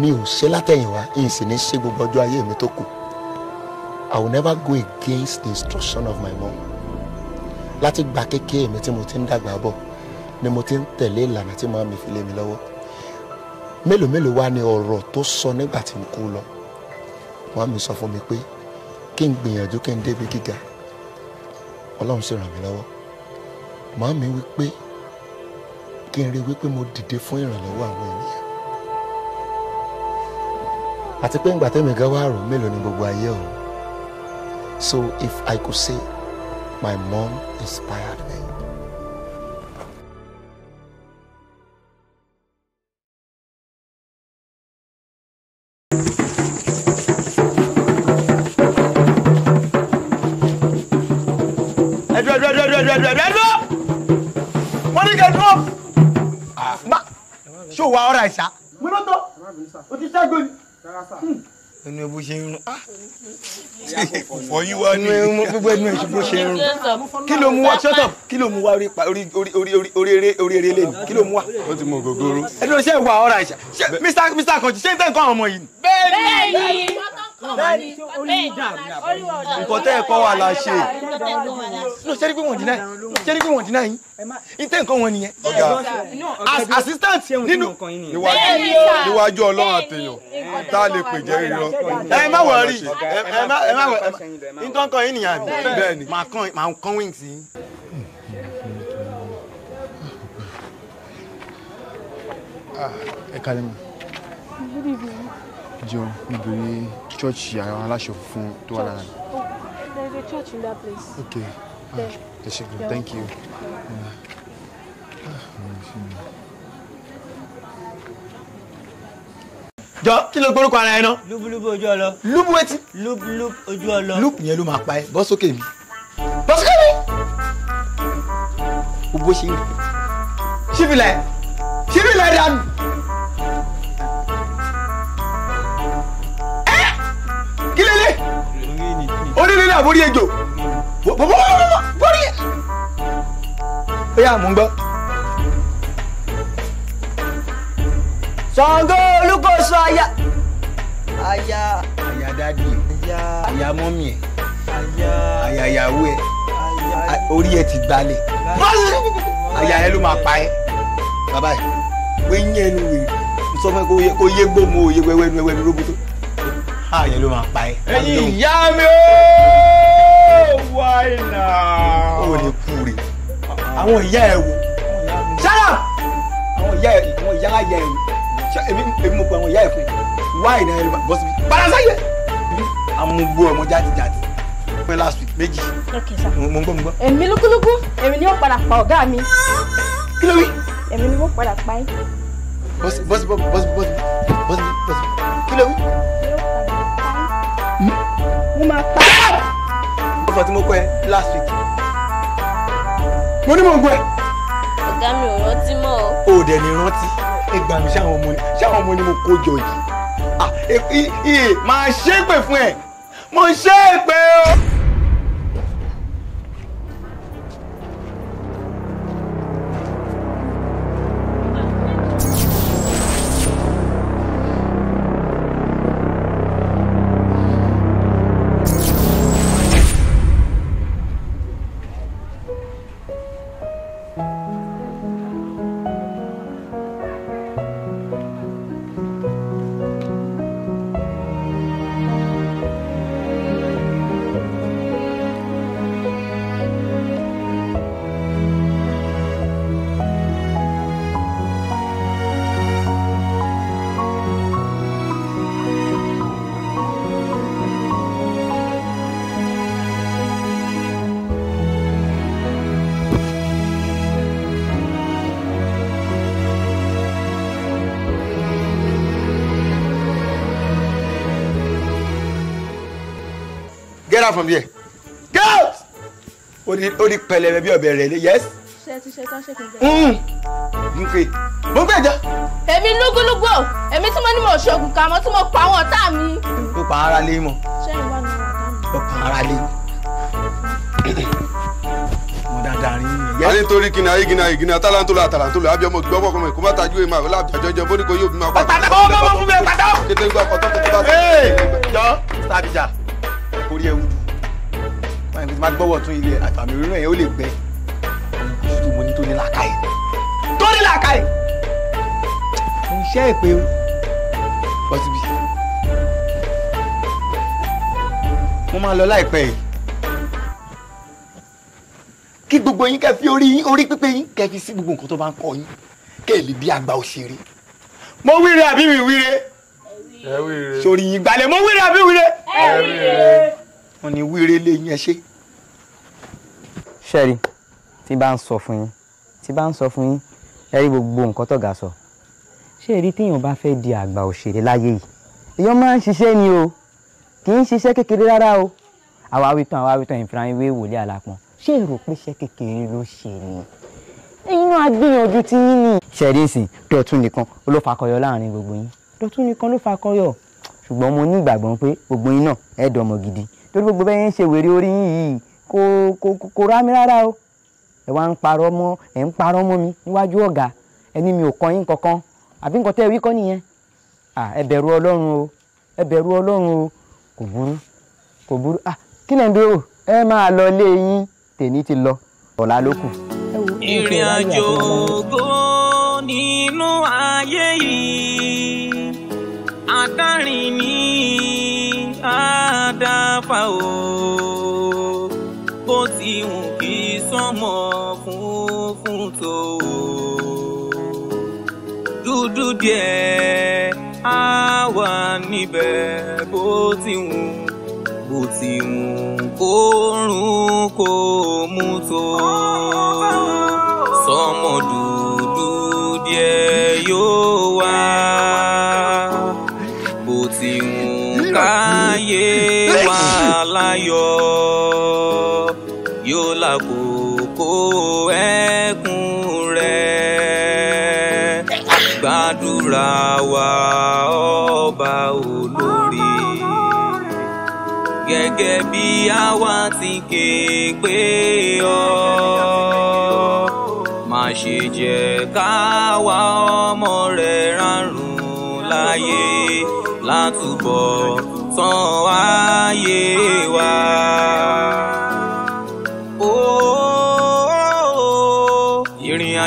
mi ò ṣe látẹ̀yìnwá n sì ní ṣe gbogbo ọjọ́ ayé mi tó kù I will never go against the instruction of my mom láti gba kékeré mi tí mo ti ń dàgbà bọ̀ ni mo ti ń tẹ̀lé ìlànà tí màá mi fi lé mi lọ́wọ́ mélòó mélòó wá ni ọ̀rọ̀ tó sọ nígbà tí n kú lọ màá sọ fún mi pé kí n gbìyànjú kí n débi gíga ọlọ́run sì ràn mí lọ́wọ́ màá wí pé kí n rí wípé mo dìde fún ìrànlọ́wọ́ àwọn ènìyàn àti pé ńgbà tẹ́mi gan wá mélòó ni gbogbo ayé o so if I could say my mom inspired me. wa ọ̀rọ̀ àìsà. mo ló o ti ṣẹ́gun ni. ẹ bó ṣe ń rún ah! fọyín wá ní. gbogbo ẹ bó ṣe ń rún kí ló mú wá shut up kí ló mú wá orí orí eré lẹ́nu kí ló mú wá. ó ti mọ gògóró. ẹ ló ṣe wà ọ̀rọ̀ àìsà mr mr kọ̀ọ̀tì ṣé ń tẹ̀ ń ọmọ yìí. bẹ́ẹ̀ ni ni nǹkan tẹ́ ẹ kọ́ wa la ṣe no ṣẹ́rí pé wọ́n dín náà ṣẹ́rí pé wọ́n dín náà yín ìtẹ́ nǹkan wọn nìyẹn assistant nínú níwájú ọlọ́run àtẹ̀yàn tá a lè pè jẹ́ irọ́. ẹ má wọrí ẹ má ẹ má wọ nǹkan kan yín nìyẹn bẹ́ẹ̀ ni màá kán wings yín. Ah, ẹ kálẹ̀ mọ́ jọ níbi church àwọn aláṣọ funfun tó wà lára. Oh, there is a church in that place. okay ẹ ṣe gan thank you. jọ kí ló gbórúkọ ara ẹ náà. lúbúlúbú ojú ọlọ. lúbú etí. lúbúlúbú ojú ọlọ. lúbù yẹn ló máa pa ẹ bọ́ sókè mi. bọ́ sókè mi. o bó ṣe ń rìn. lẹ síbi lẹ dànù. onílé àbórí ejò borí ẹ. ó yà mú gbọ́. Ṣàngó Olúkòso aya aya aya dadi ẹ aya mọ́mí ẹ aya ìyàwó ẹ orí ẹ ti gbalẹ̀ aya ẹ ló máa pa ẹ bàbá ẹ pé yín ẹnu rè sọ fún ẹ kó yé gbómo òye wẹwẹ ẹnu ẹwẹ ẹnu róbótó àyẹ̀ ló máa pa ẹ́. ẹ̀yin ìyá mi ó wà ìlà. ó lè kú rè àwọn ìyá ẹ wo ṣáà àwọn ìyá ẹ àwọn ìyá ayẹ ẹ ṣe èmi èmi mo pe àwọn ìyá ẹ fún wá ìlà ẹ bọ́ síbi balasa yẹ amúgbó ọmọ jáde jáde pẹ́ last week méjì mo ń gbọ́ mo ń gbọ́. èmi lúkúlúkú èmi ni ó padà pa ọ̀gá mi. kí ló wí. èmi ni mo padà pa yín. bọ́sì bọ́sì bọ́sì bọ́sì bọ́sì bọ́sì kí ló wí mo máa pa á. ọkọ tí mo kọ ẹ last week mo ní mò ń gbọ́ ẹ. ọ̀gá mi ò rántí mọ́ o. o dẹ̀ ní rántí ẹ gbà mí ṣáwọn ọmọ ni ṣáwọn ọmọ ni mo kó jọ yìí. ah ẹ ẹ máa ṣépè fún ẹ mo ṣépè o. get out from here get out ó di pẹlẹbẹ bí ọbẹ rẹ lé yes. ṣe ti ṣe tán ṣe kò bẹ́ẹ̀. n pè mo ń gbẹjọ. èmi lúgúlúgbò èmi tí mo ní mo ṣoògùn kà mọ́ tí mo pa àwọn ọ̀tá mi. ó pa ara lé mọ. ṣé ìwà ni ó pa ara lé. mo dáadáa rí i. alẹ́ nítorí kí ni ayé gíná ayé gíná tálàntòlò àtàlàntòlò àbí ọmọ gbọ́ ọkọ̀ kò má tajú èèmọ̀ àwọn àbíjọ́ jẹ́ bó ní kò yóò bí máa pa. pàtàkì ọmọ ọmọ fún mi pàtàkì má gbọ́wọ́ tún ilé àmì rírun yẹn ó lè gbẹ àtúntò mo ní tó ní làákàyè tó ní làákàyè mo ṣe é pé bọ́ síbi mo máa lọ láìpẹ́ yìí kí gbogbo yín kẹ́ orí yín orí pípé yín kẹ́ sí gbogbo nǹkan tó bá ń kọ yín kẹ́ lè di àgbà òṣèré mo wíre àbí mi wíre sórí yín gbalẹ̀ mo wíre àbí wíre wọ́n ní wíre lẹ́yìn ẹ ṣe ṣẹ́ẹ̀rí tí bá ń sọ fún yín tí bá ń sọ fún yín ẹ rí gbogbo nǹkan tọ̀gá sọ ṣẹ́ẹ̀rí téèyàn bá fẹ́ di àgbà òṣèré láyé yìí èèyàn máa ń ṣiṣẹ́ ni o kì í ṣiṣẹ́ kékeré rárá o àwa wítan àwa wítan ìfìràn ìwé ìwòlé àlàpọ̀n ṣé èrò pé iṣẹ́ kékeré ló ṣe ni ẹ̀yin náà tí yín ni. ṣẹ́ẹ̀rí ìsìn Dọ̀tun nìkan ló fakọyọ láàrin gbogbo yín Dọ̀tun nìkan ló fakọyọ ṣùgbọ́n mo ní ìgbàgbọ́ pé gbogbo yín náà ẹ̀ẹ́dọ̀mọ̀ gidi torí gbogbo bẹ́ẹ̀ ń ṣe wèrè orí yín yìí kò kò kò rá mi rárá o ẹ wá ń parọ́ mọ́ ẹ ń parọ́ mọ́ mi níwájú ọ̀gá ẹni mi ò kọ́ yín kankan àbí nǹkan tẹ́ ẹ wí kọ́ nìyẹn ẹ bẹ̀rù ọlọ́run o ẹ bẹ̀rù ọlọ́run o kò burú kò burú ah kí lẹ́ ń dúró ẹ máa lọ lé yín tèmi ti lọ ọ̀la ló kù. ìrìn àjò ògo nínú ayé yìí àdárin ní àdáfà o. funfun tó dúdú díẹ̀ á wà níbẹ̀ bó ti wù bó ti wù kó rùn kó mú tó sọmọ dúdú díẹ̀ yóò wá bó ti wù káyé wà láyọ̀ yóò làkó o ẹkún rẹ gbàdúrà wa ọba olórí gẹ́gẹ́ bí àwa ti ké pé ọ má ṣe jẹ́ káwa ọmọ rẹ rárùn láyé látúbọ̀ tán ayé wa.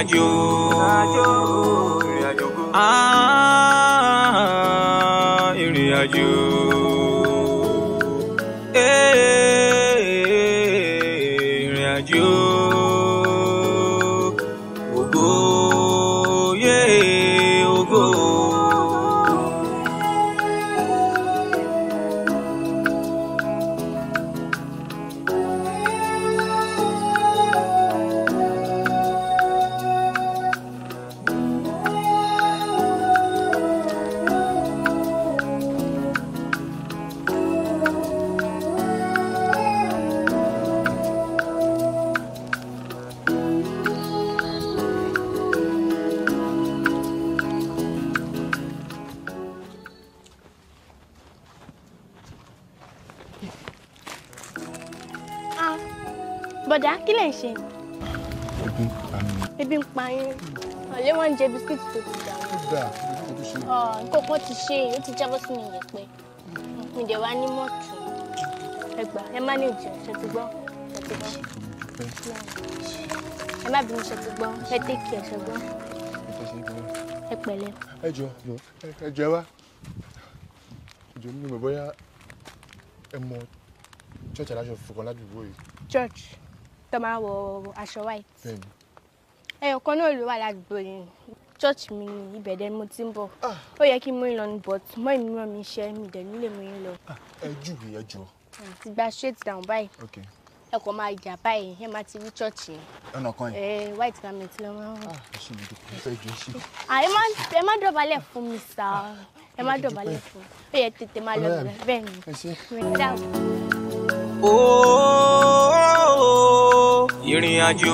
ìrìnàjò. Ah. ebi ń pa yín ọ̀lẹ́ wọn ń jẹ bisikíìtì tó ti dà wọ́n. nǹkan kan ti ṣe èyí ó ti jábọ́ sínú ìyẹ̀pẹ̀ mi dẹ̀ wá ní mọ́tò ẹgbà ẹ má ní ìjẹun ṣe ti gbọ́ ṣe ti gbọ́ ẹ má bínú ṣe ti gbọ́ ẹ tẹ́kì ẹ̀ ṣe gbọ́ ẹ pẹ̀lẹ́. ẹ jọ ẹ jọ ẹ wá ìjọ nínú mi bóyá ẹ mọ church aláṣọ funfun ládùúgbò yìí. church tó máa wọ aṣọ white ẹyọ kan náà ló wà ládùúgbò yìí church mi ni ibẹ̀ dẹ̀ mo ti ń bọ̀ ah. ó yẹ kí mo ń lọ ní but mọ́ ìmú ràn mí iṣẹ́ mi dẹ̀ nílé mo ń lọ. Ah, ẹ jù mí ẹ jù. ti gba straight down báyìí ẹ kò máa jà báyìí ẹ máa ti rí church yẹn. ọ̀nà kan yìí. ẹ eh, white garment ló máa ń wọ. ẹṣin mi dùn fún ẹjọ sí. ẹ má dọ̀bálẹ̀ fún mi sá ah, ẹ má dọ̀bálẹ̀ fún mi ó yẹ tètè máa lọ bẹ́ẹ̀ ni. Oh, oh, oh, ìrìn àjò.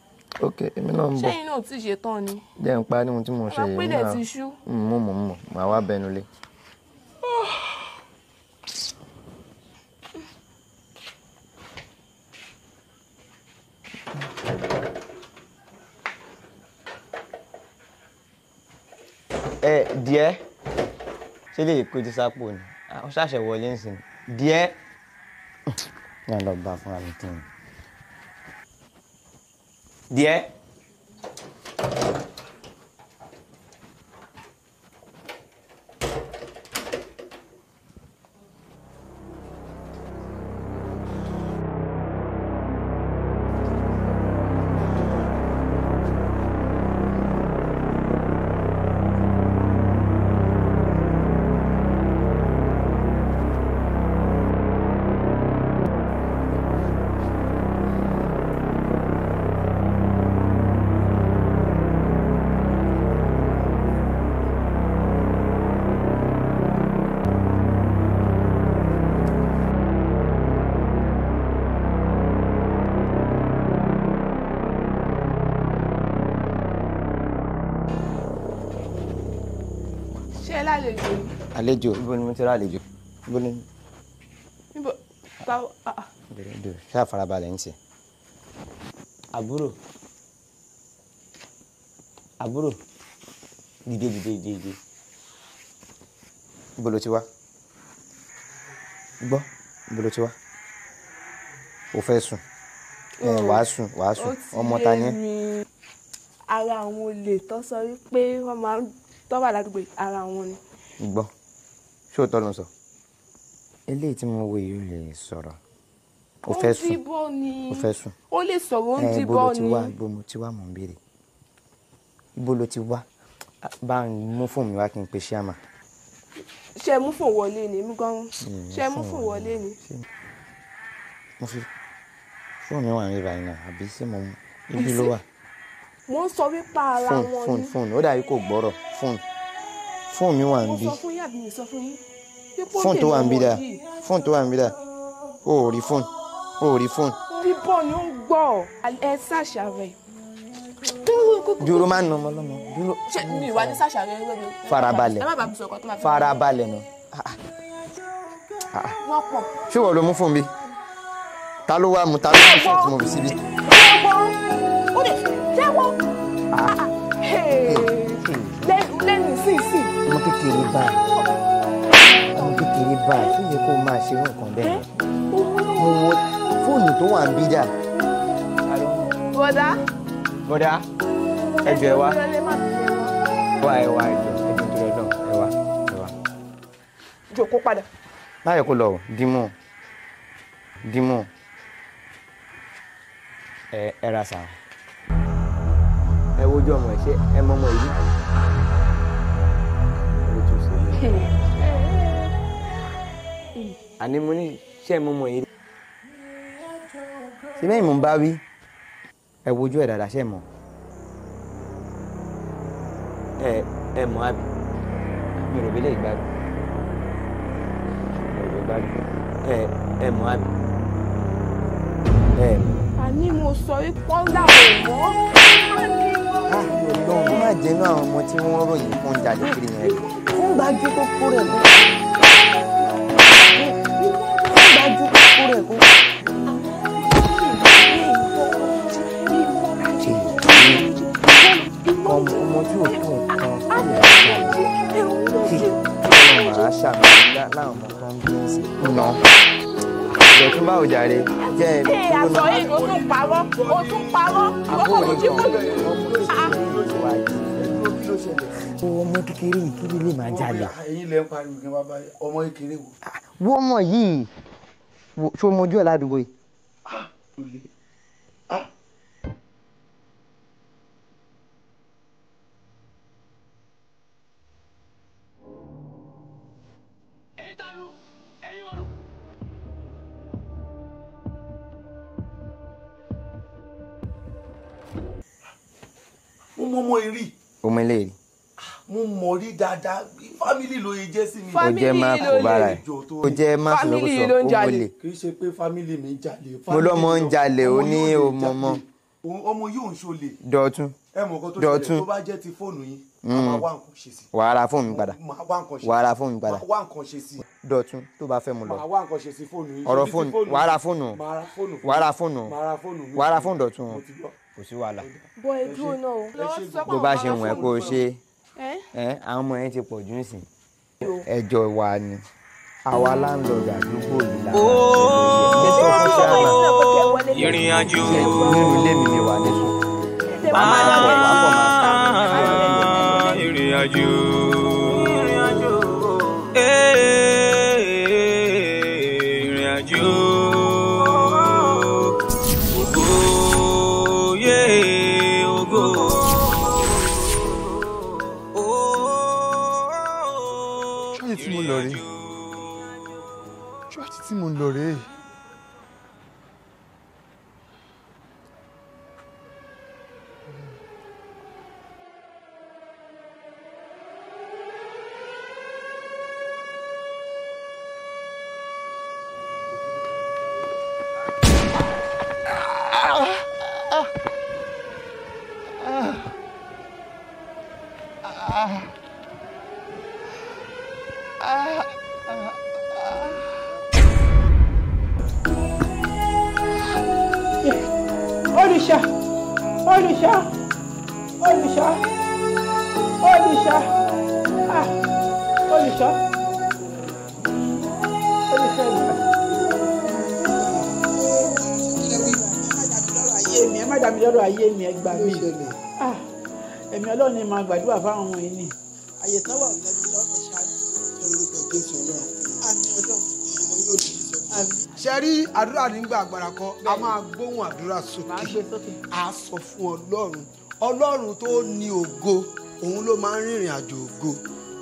ok èmi náà ń bọ̀ ṣẹ́yìn náà ti ṣe tán ni. jẹ́ n parí ohun tí mo ṣe yìí náà àpéjẹ ti ṣú. mo mọ̀ mo mọ̀ màá wá bẹnu lé. ẹ díẹ̀ ṣé lè kó ti sápò ni ó ṣàṣẹ wọlé ń sìn díẹ̀. yàrá lọ fúnra mi kí n. दिया है àlejò ibo ni mo ti rà àlejò ibo ni. ibo táwa. Ah, ah. ṣáà farabalẹ̀ ń tiẹ̀. àbúrò àbúrò dìde dìde dìde. ibo ló ti wá gbọ́ ibo ló ti wá o fẹ́ sùn wàá sùn wàá sùn ọmọ ta ni ẹ. ara àwọn olè tó sọ wípé wọ́n máa ń tọ́wà ládùúgbò ara wọn ni. gbọ́ ṣóòtọ́ ló ń sọ eléyìí tí mo wo yìí lè sọ̀rọ̀ o fẹ́ sùn o fẹ́ sùn o lè sọ̀rọ̀ o ń dìbò ni ibo mo ti wá mò ń béèrè ibo lo ti wá bá ń mú fóònù mi wá kí n pe ṣíàmà. ṣe mú fóònù wọlé ni mú gan ṣe mú fóònù wọlé ni. mo fi fóònù mi wà ní ìbàdàn àbí ṣé mo ibi ló wà. mo ń sọ wípé ara wọn ni. fóònù fóònù ó dàbí kò gbọ́rọ̀ fóònù fóònù mi wà ń bí fóònù tó wà ń bí dà fóònù tó wà ń bí dà o ò rí fóònù o ò rí fóònù. bíbọ̀ ni ó ń gbọ́ ẹ ṣàṣàrẹ̀. dúró máa ń nà ọmọ lọ́mọ dúró. ṣé mi ìwà ni ṣàṣàrẹ̀ ẹgbẹ́ mi. farabalẹ̀ farabalẹ̀ nà. ṣé wọ́n ló mú fóònù bí ta ló wá mu ta ló mú fóònù tí mo fi síbí. jẹ́wọ́ jẹ́wọ́. kékeré báyìí àwọn kékeré báyìí fún mi kó máa ṣe nǹkan bẹ́ẹ̀ mo wo fóònù tó wà ń bí dà. bọ́dá. bọ́dá ẹjọ ẹ wá wá ẹ wá ẹjọ ẹjọ tó lọ náà ẹ wá ẹ wá. jòkó padà. báyọ̀ kó lọ dímọ̀ dímọ̀ ẹ ẹ ra sàn. ẹ wojú ọmọ ẹ ṣe ẹ mọ ọmọ yìí. Ani mo ni ṣé mo mo yiri. ṣé bẹ́ẹ̀ mò ń bá wí ẹ e wojú ẹ̀ e dáadáa ṣe mọ̀. ẹ e, ẹ mọ̀ àbí mi ò rò bí lè gbádùn mi ò rò gbádùn ẹ ẹ mọ̀ àbí ẹ àní mo sọ wípé ńlá ah, ò mọ́. ọlọ́run má jẹ́ náà ọmọ tí wọ́n ròyìn fún jalè kiri yẹn ń gbajú kókó rẹ̀ kó ń gbajú kókó rẹ̀ kó. ọmọ tí ò tó nǹkan kó lè ṣe kí ọmọ màá ṣàmì láwọn ọmọ kan gbé sí i. nà ìjọ tún bá òjàre jẹ́ ẹ̀ ló ná. ṣé àṣọ yìí ló tún pawọ́ ó tún pawọ́ ó kò tún jí kò ló ṣẹlẹ̀. ọmọ kékeré yìí kí lè máa jalè. ẹ̀yin lẹ ń pariwo kí n bá bá ọmọ kékeré wò. wo ah, ọmọ yìí ṣé o mojú ẹ̀ ládùúgbò yìí. Ah, ah. mo mọ eré o mọ eléyìí. mo mọ rí dáadáa fámìlì ló yẹ jẹ́ sí mi. fámìlì ló yẹ o jẹ́ má fún mi sọ o wọlé. kì í ṣe pé fámìlì mi ń jalè. mo lọ́mọ ń jalè o ní ọmọ ọmọ. ọmọ yóò ń ṣolè. dọ̀tún dọ̀tún tó bá jẹ́ ti fóònù yìí wà á ra fóònù mi padà wà á ra fóònù mi padà dọ̀tún tó bá fẹ́ mu lọ ọ̀rọ̀ fóònù wà á ra fóònù wà á ra fóònù wà á ra fóònù dọ̀tún kò sí wàhálà. bọ ètò náà o. bó bá ṣe wọ̀n ẹ́ kó o ṣe é àwọn ọmọ yẹn ti pọ̀ jù nísìn. ẹjọ́ wa ni àwa láńlọ́ọ̀dù àdúgbò yìí la. ìrìn àjò nínú ilé mi ni wà nísùn. máa ìrìn àjò. àdúrà nígbà agbára kọ́ a máa gbóhùn àdúrà sókè a sọ fún ọlọ́run ọlọ́run tó ní ògo òun ló máa ń rìnrìn àjò ògo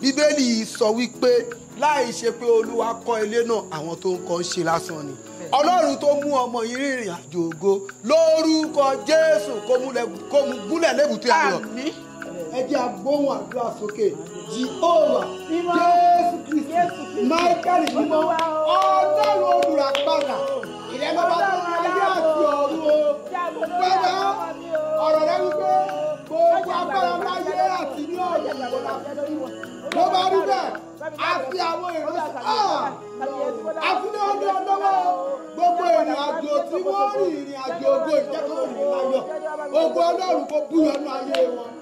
bíbélì sọ wípé láì ṣe pé olúwa kọ́ ilé náà àwọn tó ń kọ́ ń ṣe lásán ni ọlọ́run tó mú ọmọ yìí rìnrìn àjò ògo lórúkọ jésù kó mú gúnlẹ̀ lébùté ayọ̀ ẹ jẹ́ agbóhùn àdúrà sókè Jehovah Jésù Kristi Michael mímọ́ Ọlọ́run olùràpadà ìrẹ́ bàbá tó ń ayé àti ọ̀run o gbọ́dọ̀ ọ̀rọ̀ rẹ wípé gbogbo agbára láyé àti ní ọ̀run ìwọlá ló bá rí bẹ́ẹ̀ a fi àwọn ìránṣẹ́ a fi ní ọdún ọdọ́wọ́ gbogbo ìrìn àjò tí wọ́n rìn ìrìn àjò ògo ìjẹ́kọ̀ọ́ ìrìn ayọ̀ ògo Ọlọ́run kò búyọ̀ nínú ayé wọn.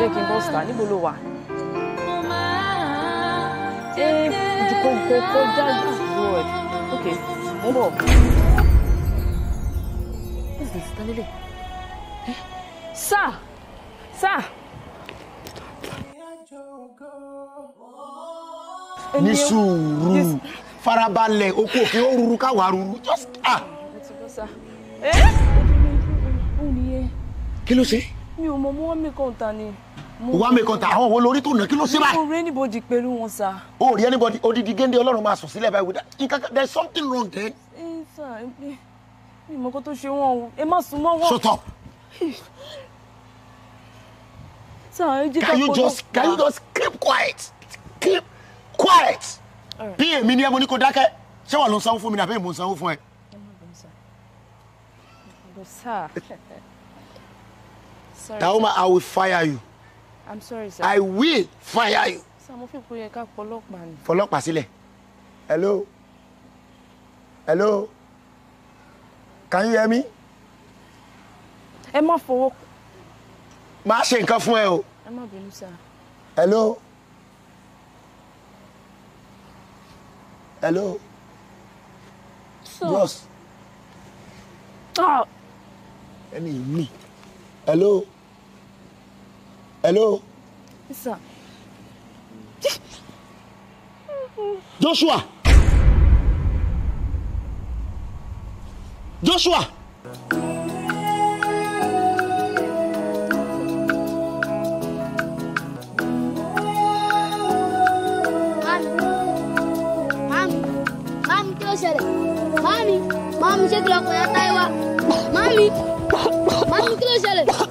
jẹ́ kí n bọ́ síta níbo ló wà. ṣé kò kò kò jáde ló ẹ̀ ok mo bọ̀. this is stanley. sir sir. ní sùúrù farabalẹ̀ okú òkè ó ruru káwa ruru just ah. kí ló ṣe mi ò mọ mọ wọn mẹkàn ta ni. wàá mẹkàn ta àwọn wo lórí tó nà kí ló ṣe báyìí. mo rí anybody pẹ̀lú wọn sá. o rí anybody odidi géńdé ọlọ́run máa sùn sílẹ̀ báyìí wíwá there is something wrong there. ẹ sà mi mọ kó tó ṣe wọn o ẹ má sùn mọ́ wọn. shut up. sà ẹ jẹ́ ká kọ́ lọ. can you just can you just keep quiet keep quiet. bí èmi ni ẹ mo ní kó dákẹ́ ṣé wàá lọ sanwó fún mi ni àbẹ́ ìmọ̀ sanwó fún ẹ. sà. sorry. That I will fire you. I'm sorry, sir. I will fire you. Sir, mo fi kú yẹ ká pọlọ́pàá ni. Fọlọ́pàá sílẹ̀. Hello? Hello? Can you hear me? Ẹ má fọwọ́. Má ṣe nǹkan fún ẹ o. Ẹ má bínú sir. Hello? Hello? So. Bros. Oh. Ah! Ẹni mi. Hello? hello. sir. joshua. joshua. mami mami ṣé kí lọkọ ya táyé wa mami mami kí ló ṣẹlẹ̀.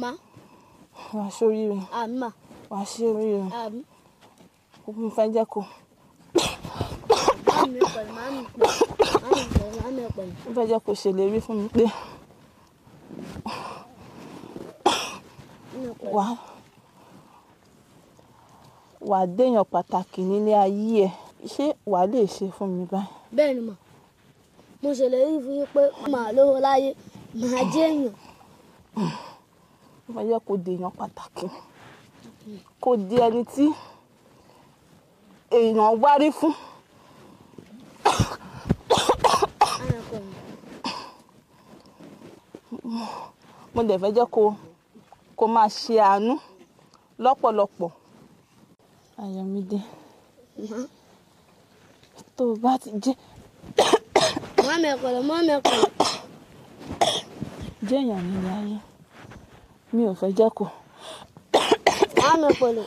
Ma. Wàá ṣe oríire. Àmì mà. Wàá ṣe oríire. Àmì. Mo fẹ́ jẹ́ kó. Máàmì ọ̀pẹ̀lú máàmì ọ̀pẹ̀lú máàmì ọ̀pẹ̀lú. Mo fẹ́ jẹ́ kó ṣèlérí fún mi pé wà wà déèyàn pàtàkì nílé ayé ẹ ṣé wà lè ṣe fún mi báyìí. bẹ́ẹ̀ ni mo ṣèlérí fún yín pé màá lówó láyé màá jẹ́ èèyàn. wọ́n yẹ kó di èèyàn pàtàkì kó di ẹni tí èèyàn wárí fún. mo dẹ̀ fẹ́ jẹ́ kó kó máa ṣe àánú lọ́pọ̀lọpọ̀. Ayọ̀mídé tó o bá ti jẹ́. Je mọ́mẹ́kọ̀lọ́ mọ́mẹ́kọ̀lọ́. jẹ́yàn mi ni ayé mi ò fẹ́ jẹ́ kó. mọ́mẹ́kọ̀lọ́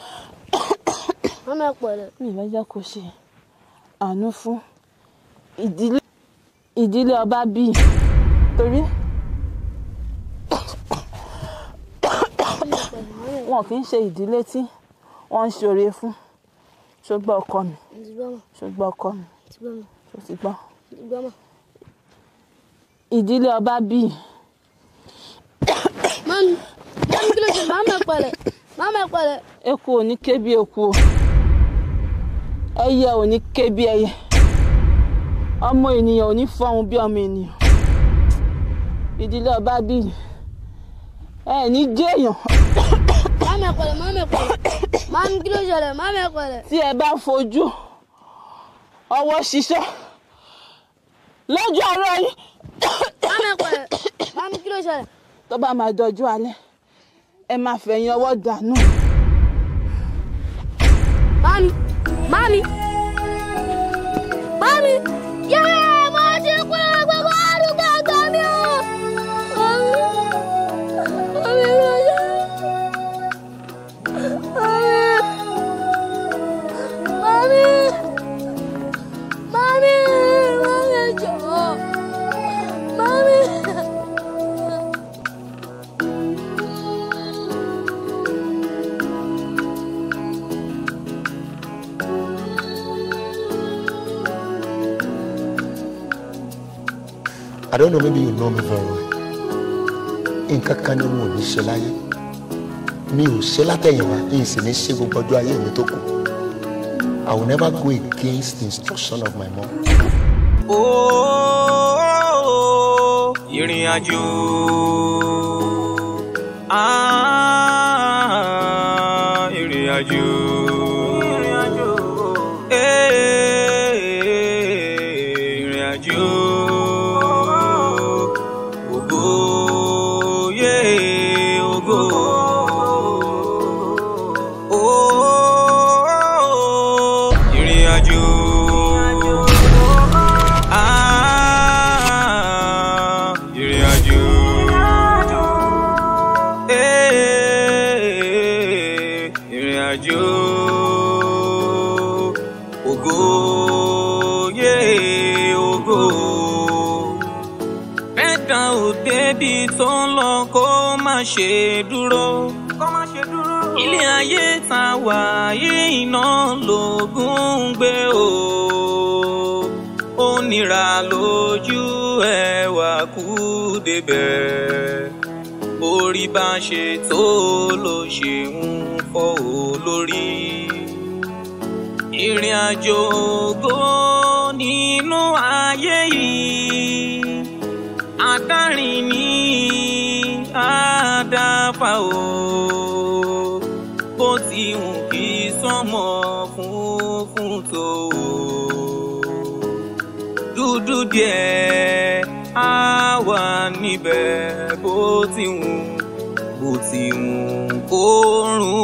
mọ́mẹ́kọ̀lọ́. mi ò fẹ́ jẹ́ kó ṣe àánú fún ìdílé ìdílé ọba bíi torí wọn kì í ṣe ìdílé tí wọ́n ń ṣoore fún ṣùgbọ́n ọkọ mi ṣùgbọ́n ọkọ mi ṣùgbọ́n ìdílé ọba bí. mọ́mí mọ́mí kí ló ṣe máa mẹ́ pẹ̀lẹ́ máa mẹ́ pẹ̀lẹ́. eku ò ní ké bí eku o ẹyẹ ò ní ké bí ẹyẹ ọmọ ènìyàn ò ní fọhùn bí ọmọ ènìyàn ìdílé ọba bí ẹ ní jẹ́yàn. máa mẹ́ pẹ̀lẹ́ máa mẹ́ pẹ̀lẹ́ mọ́mí kí ló ṣẹlẹ̀ máa mẹ́ pẹ̀lẹ́. tí ẹ bá fojú ọwọ́ ṣiṣẹ́ lójú ọ̀rọ̀ yìí mami kò ẹ tó bá máa dọjú alẹ́ ẹ máa fẹ̀yìn ọwọ́ dànù. mami mami mami. I don't know maybe you know me very well nǹkan kan ni mo ò ní ṣe láyé mi ò ṣe látẹ̀yìnwá n sì ní ṣe gbogbo I will never go against the instruction of my mom. Oh, ìrìn àjò ah, ìrìn àjò. ṣe dúró. kó má ṣe dúró. ilé ayé tá wà iná lògùn ń gbé o. ó nira lójú ẹwà kú débẹ̀. orí bá ṣe tó ló ṣe ń fọ́ o lórí. ìrìn àjò ògo nínú ayé yìí. fà o bó ti wù kí sọmọ funfun tó o dúdú díẹ̀ á wà níbẹ̀ bó ti wù bó ti wù kó rùn.